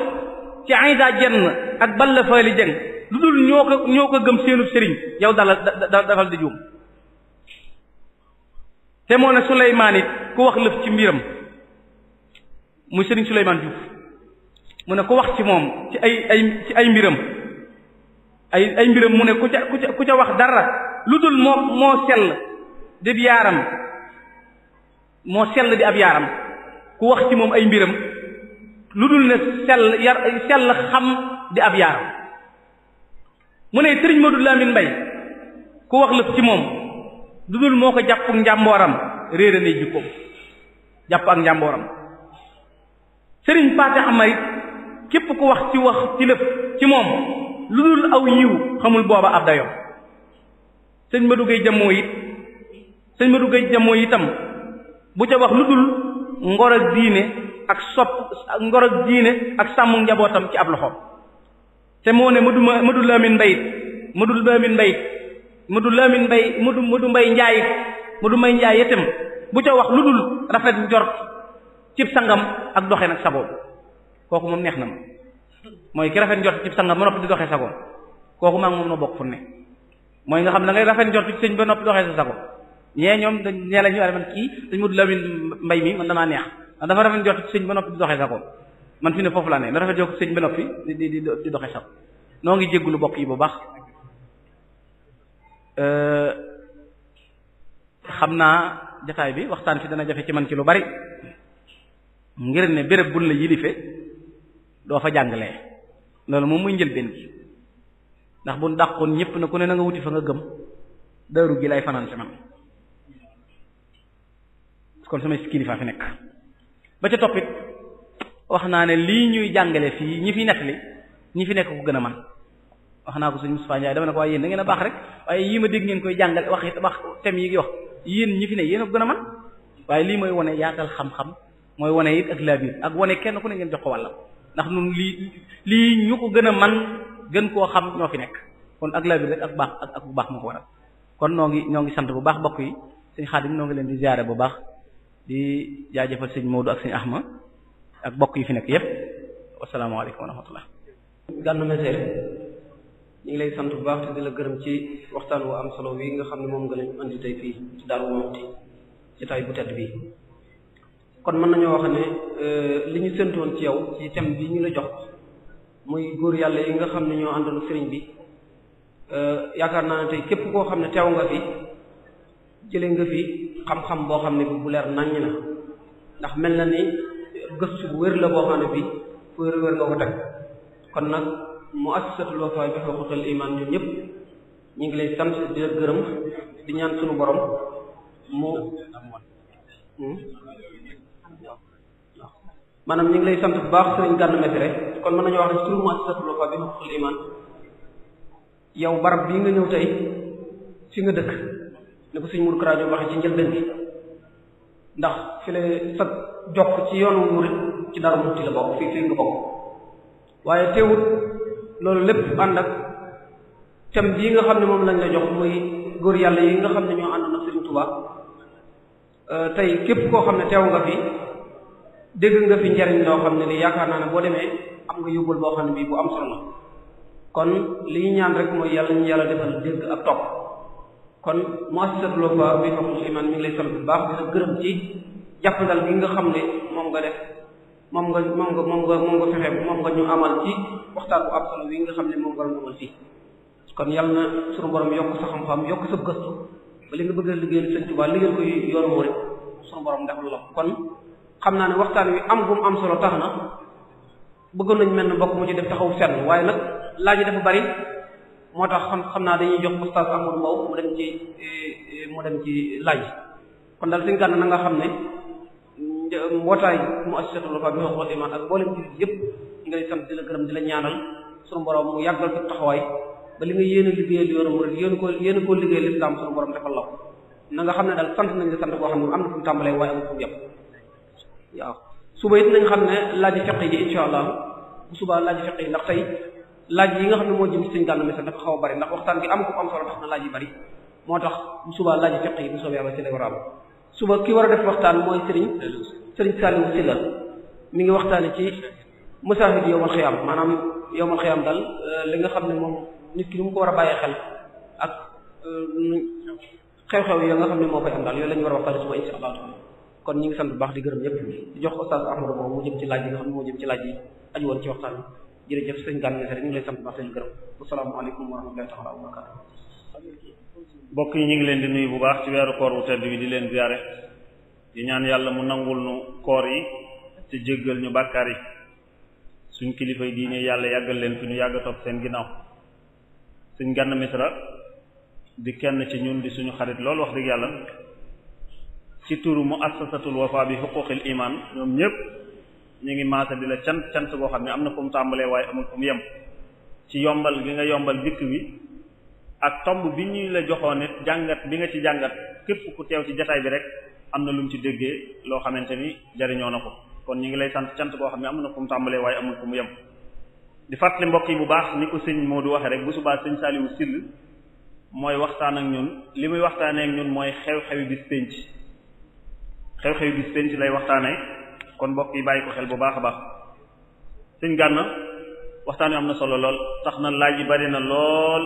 ci Aïda Dieng ak Balla Fally Dieng lu dul ñoo ko ñoo ko gëm seenub sëriñ yow dalal dafal di juum te moo ne Souleymane ku wax lëf ci mbiram muy sëriñ Souleymane Diouf mu ne ku wax ci moom ci ay ay mbiram ay mbiram mu ne ku ca ku ca wax dara lu dul moo moo sell di ab yaaram moo sell di ab yaaram ku wax ci moom ay mbiram lu dul ne sell yar sell xam di ab yaaram mu ne sëriñ Modou Lamine Mbaye ku wax lëf ci moom lu dul moo ko jàpp ak njàmbooram réere nay jikkoom jàpp ak njàmbooram sëriñ Paate Amari képp ko wax ci wax ci lëf ci moom lu dul aw yiw xamul booba ab dayo sëñ ma duggay jàmmoo it sëñ ma duggay jàmmoo itam bu ca wax lu dul ngor ak diine ak sopp ngor ak diine ak sàmm njabootam ci ab loxo te moo ne madu ma madu laamin mbayit madu laamin mbayit madu laamin mbay madu madu mbay njaayit madu may njaay itam bu ca wax lu dul rafet njort cib sangam ak doxe nag saboobu kooku moom neex na ma mooy ki rafet njort ci sangam ba noppi di doxee sago kooku maa ngi moom na bokk fu ne mooy nga xam da ngay rafet njort ci sëñ ba noppi doxee sa sago ñee ñoom dañ ñee la ñu waaye dañ mud lamin mi man damaa neex dafa rafet njort sëñ ba noppi di doxee sago man fi ne foofu laa ne da rafet ba noppi di di di doxee sago noo ngi jéggulu yi bu baax xam naa jataay bi waxtaan fi dana jafe ci man ci lu bari ngir ne béréb buñ la yilife doo fa jàngalee loolu moom muy njëlbeen gi ndax bu dàqoon ñëpp na ku ne na nga wuti fa nga gëm daru gi lay fanaan si man kon sama kilifa fi nekk ba ca toppit wax naa ne lii ñuy jàngale fii ñi fi ñi fi nekk ko gën a man wax naa ko suñu Moustapha Ndiaye dama ne ko waaye yéen da baax rek waaye yii ma dégg ngeen koy jàngale wax wax yi ngi wax yéen ñi fi ne yéen a ko gën a man waaye lii mooy wane yaatal xam-xam mooy wane it ak laabiir ak wane kenn ku ne ngeen jox ko wàllam ndax nun lii lii ñu ko gën a man gën koo xam ñoo fi nekk kon ak laa bi rek ak baax ak bu baax moo ko waral kon noo ngi ñoo ngi sant bu baax bokk yi sëñ Xaadim noo ngi leen di ziare bu baax di jaajëfal sëñ Modou ak sëñ ak bokk yi fi nekk yépp wasalaamaaleykum wa rahmatullah Gana lay sant bu baax te di la gërëm ci waxtaan wu am solo wi nga xam ne moom nga leen andi tey fii ci Darou Moukhty jotaay bu tedd bi kon mën nañoo wax ne euh, li ñu séntoon ci yow ci thème bi ñu la jox muy góor yàlla yi nga xam ne ñoo àndoon sëriñ bi euh, yaakaar naa ne tey képp koo xam ne teew nga fi jële nga fi xam-xam boo xam ne bu leer naññ na ndax mel na ni gëstu bu wér la boo xam ne bi fu wér nga ko teg kon nag mu assisatul wafa bi xuququl iman ñun ñëpp ñu ngi lay sant di gërëm di ñaan suñu borom mu hmm? maanaam ñu ngi lay sant bu baax sëriñ Gana Messere kon mën nañu wax ne surmu asatul wafa bi xul iman yow barab bii nga ñëw tey fi nga dëkk ne ko sëriñ Mourou Karajo ci njëlbeen la ci yoonu murid ci lépp ànd ak bii nga xam ne moom lañ la jox muy góor yàlla yi nga xam ne ñoo àndoon ak sëriñ Touba euh, tey képp koo xam ne teew nga fi dégg nga fi njariñ loo xam ne li yaakaar naa ne boo demee am nga yóbbul boo xam ne bii bu am solo la kon li ñu ñaan rek mooy yàlla ñu yàlla defal dégg ak topp kon muassisatu Wafa bi fa musliman mi ngi lay bu baax di la gërëm ci jàppandal nga xam ne moom nga def moom nga moom nga moom nga moom nga moom nga ñu amal ci waxtaan bu am solo wi nga xam ne moom nga ñu amal fii kon yàlla na suñu borom yokk sa xam-xam yokk sa gëstu ba li nga bëgg a liggéeyal Sëriñ Tuubaa liggéeyal ko yoonu murid suñu borom def xam naa ne waxtaan wi am gum am solo tax na bëggoon nañ mel ne mbokk mu ci def taxaw fenn waaye nag laaj yi dafa bari moo tax xam xam naa dañuy jox oustaz Amadou Mbow mu dem ci eh, ci laaj kon daal suñu gànn na nga xam ne mbootaay mu association lofa bi xoxol iman ak boolem ci yëpp ñi nga lay sant la ñaanal suñu borom mu yàggal taxawaay ba li nga yéen a liggéeyal yoonu murid yéen ko yéen koo liggéeyal islam suñu na nga xam ne daal sant nañ la sant koo xam ne am na fu mu tàmbalee waaye amul fu mu waaw suba it nañ xam ne laaj feq yi di insha allah bu subaa laaj feq yi ndax tey laaj yi nga xam ne moo jëm ci suñu gàllu misal dafa xaw a bari ndax waxtaan bi am ko am solo tax na laaj yi bari moo tax bu subaa laaj feq yi bu soobee yàlla ci lay war a am suba ki war a def waxtaan mooy sëriñ sëriñ Saliou Sylla mi ngi waxtaane ci masaahid yowmal xiyaam maanaam yowmal xiyaam daal euh, li nga xam ne moom nit ki ni mu ko war a bàyyee xel ak euh, xew-xew ya nga xam ne moo koy am daal yooyu la ñu war a waxtaane suba insha allah kon ñi ngi sant bu baax di gërëm ñëpp di jox oustaz Ahmadou boobu mu jëm ci laaj yi nga xam ne moo jëm ci laaj yi aju woon ci waxtaan bi jërëjëf sëñ Gane bu baax di gërëm asalaamaaleykum wa yi ñu ngi leen di nuyu bu baax ci weeru koor wu tedd bi di leen ziare yi ñaan yàlla mu nangul nu koor yi te jéggal ñu bàkkaar yi suñ kilifa yi yàlla yàggal leen fi ñu yàgg topp seen ginnaaw sëñ Gane Messere di kenn ci ñun di suñu xarit loolu wax dëgg yàlla ci turu muassasatul wafa bi xuquqil imaan ñoom ñëpp ñu ngi maase di la cant cant goo xam ne am na fu mu tàmbalee waaye amul fu mu yem ci yombal gi nga yombal dikk bi ak tomb bi ñuy la joxoon it jàngat bi nga ci jàngat képp ku teew ci jataay bi rek am na lu mu ci déggee loo xamante ni jariñoo na ko kon ñu ngi lay sant cant boo xam ne am na fu mu tàmbalee waaye amul mu yem di fàttali mbokk yi bu baax ni ko sëñ Modou waxee rek bu subaa sëñ Saliou Sill mooy waxtaan ak ñun li muy waxtaanee ak ñun mooy xew-xewi bis pénc xew-xew bis penc lay waxtaanee kon mbokk yi bàyyi ko xel bu baax a baax sëñ gànna waxtaan wi am na solo lool tax na laaj yi bari na lool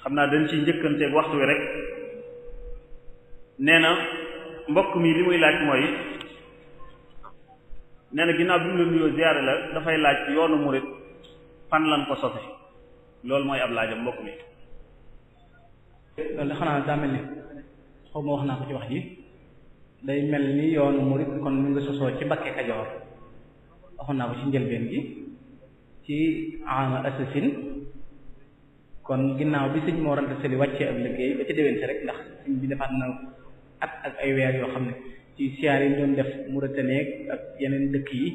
xam naa dañ ciy njëkkanteeg waxtu wi rek nee na mbokk mi li muy laaj mooy nee na ginnaaw bi mu la nuyoo ziyaare la dafay laaj yoonu murit fan lan ko sofe loolu mooy ab laajam mbokk mi loolu xanaa daa wax naa ko ci wax ji day mel ni yoon murid kon mi nga sosoo ci Mbakke Kajoor waxoon naa ko ci njëlbeen gi ci ama assasin kon ginnaaw bi sëñ moo ranta seli wàccee ab liggéey ba ci déwén si rek ndax sëñ bi defaat na at ak ay weer yoo xam ne ci siyaar yi doon def Mauritanie ak yeneen dëkk yi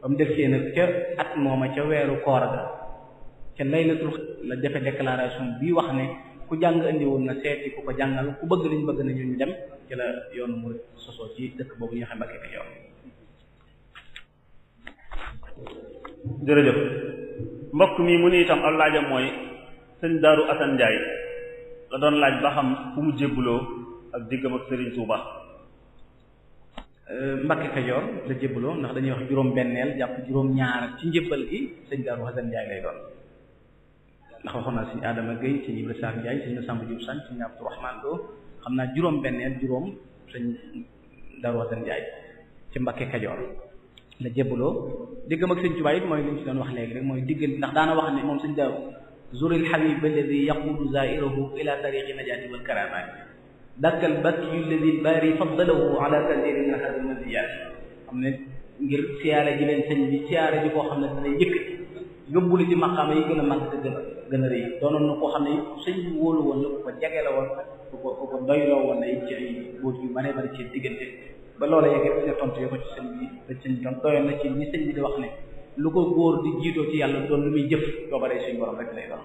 ba mu def nag ca at mooma ca weeru koor ga ca laylatul la defe déclaration bii wax ne ku jàng indi woon na seeti ku ko jàngal ku bëgg liñ bëgg nañu ñu dem ci la yoonu mu sosoo ci dëkk boobu ñuy xam Mbàkke Kajoor jërëjëf mbokk mi mu ni itam ab laajam mooy sëñ Daaru Asan Njaay la doon laaj ba xam fu mu jébbuloo ak diggam ak Sëriñ Tuuba euh, Mbàkke Kajoor la jébbuloo ndax dañuy wax juróom benneel jàpp juróom ñaar ci njébbal gi sëñ Daaru Asan Njaay lay doon ndax waxoon naa sëñ Adama Gueye sëñ Ibra Saar Njaay sëñ Samba Diop Sane sëñ Abdou Rahman Lo xam naa juróom benneel juróom sëñ Darou Assane Ndiaye ci Mbakke Kajoor la jébbaloo diggam ak sëñ Tuubaa it mooy li ñu ci doon wax léegi rek mooy diggal ndax daana wax ne moom sëñ Darou zuril habib alladhi yaqulu zairahu ila tariqi najati wal karamat dakkal bakki alladhi bari faddalahu ala tadiri nahar al madiyat xam ne ngir siyaare ji leen sëñ bi siyaare ji koo xam ne dana yëkkati yóbbu la ci maqaama yi gën a màgg gën a gën a rëy doonoon na xam ne sëñ bi wóolu woon la ku ko jege la woon ku ko ku ko doyloo woon la ci ay bóot yu bare bari ci diggante ba loola yegg nga tontu yo ko ci sëñ bi da sëñ doon doyoon na ci ni sëñ bi di wax ne lu ko góor di jiitoo ci yàlla doon lu muy jëf doo baree suñu borom rek lay doon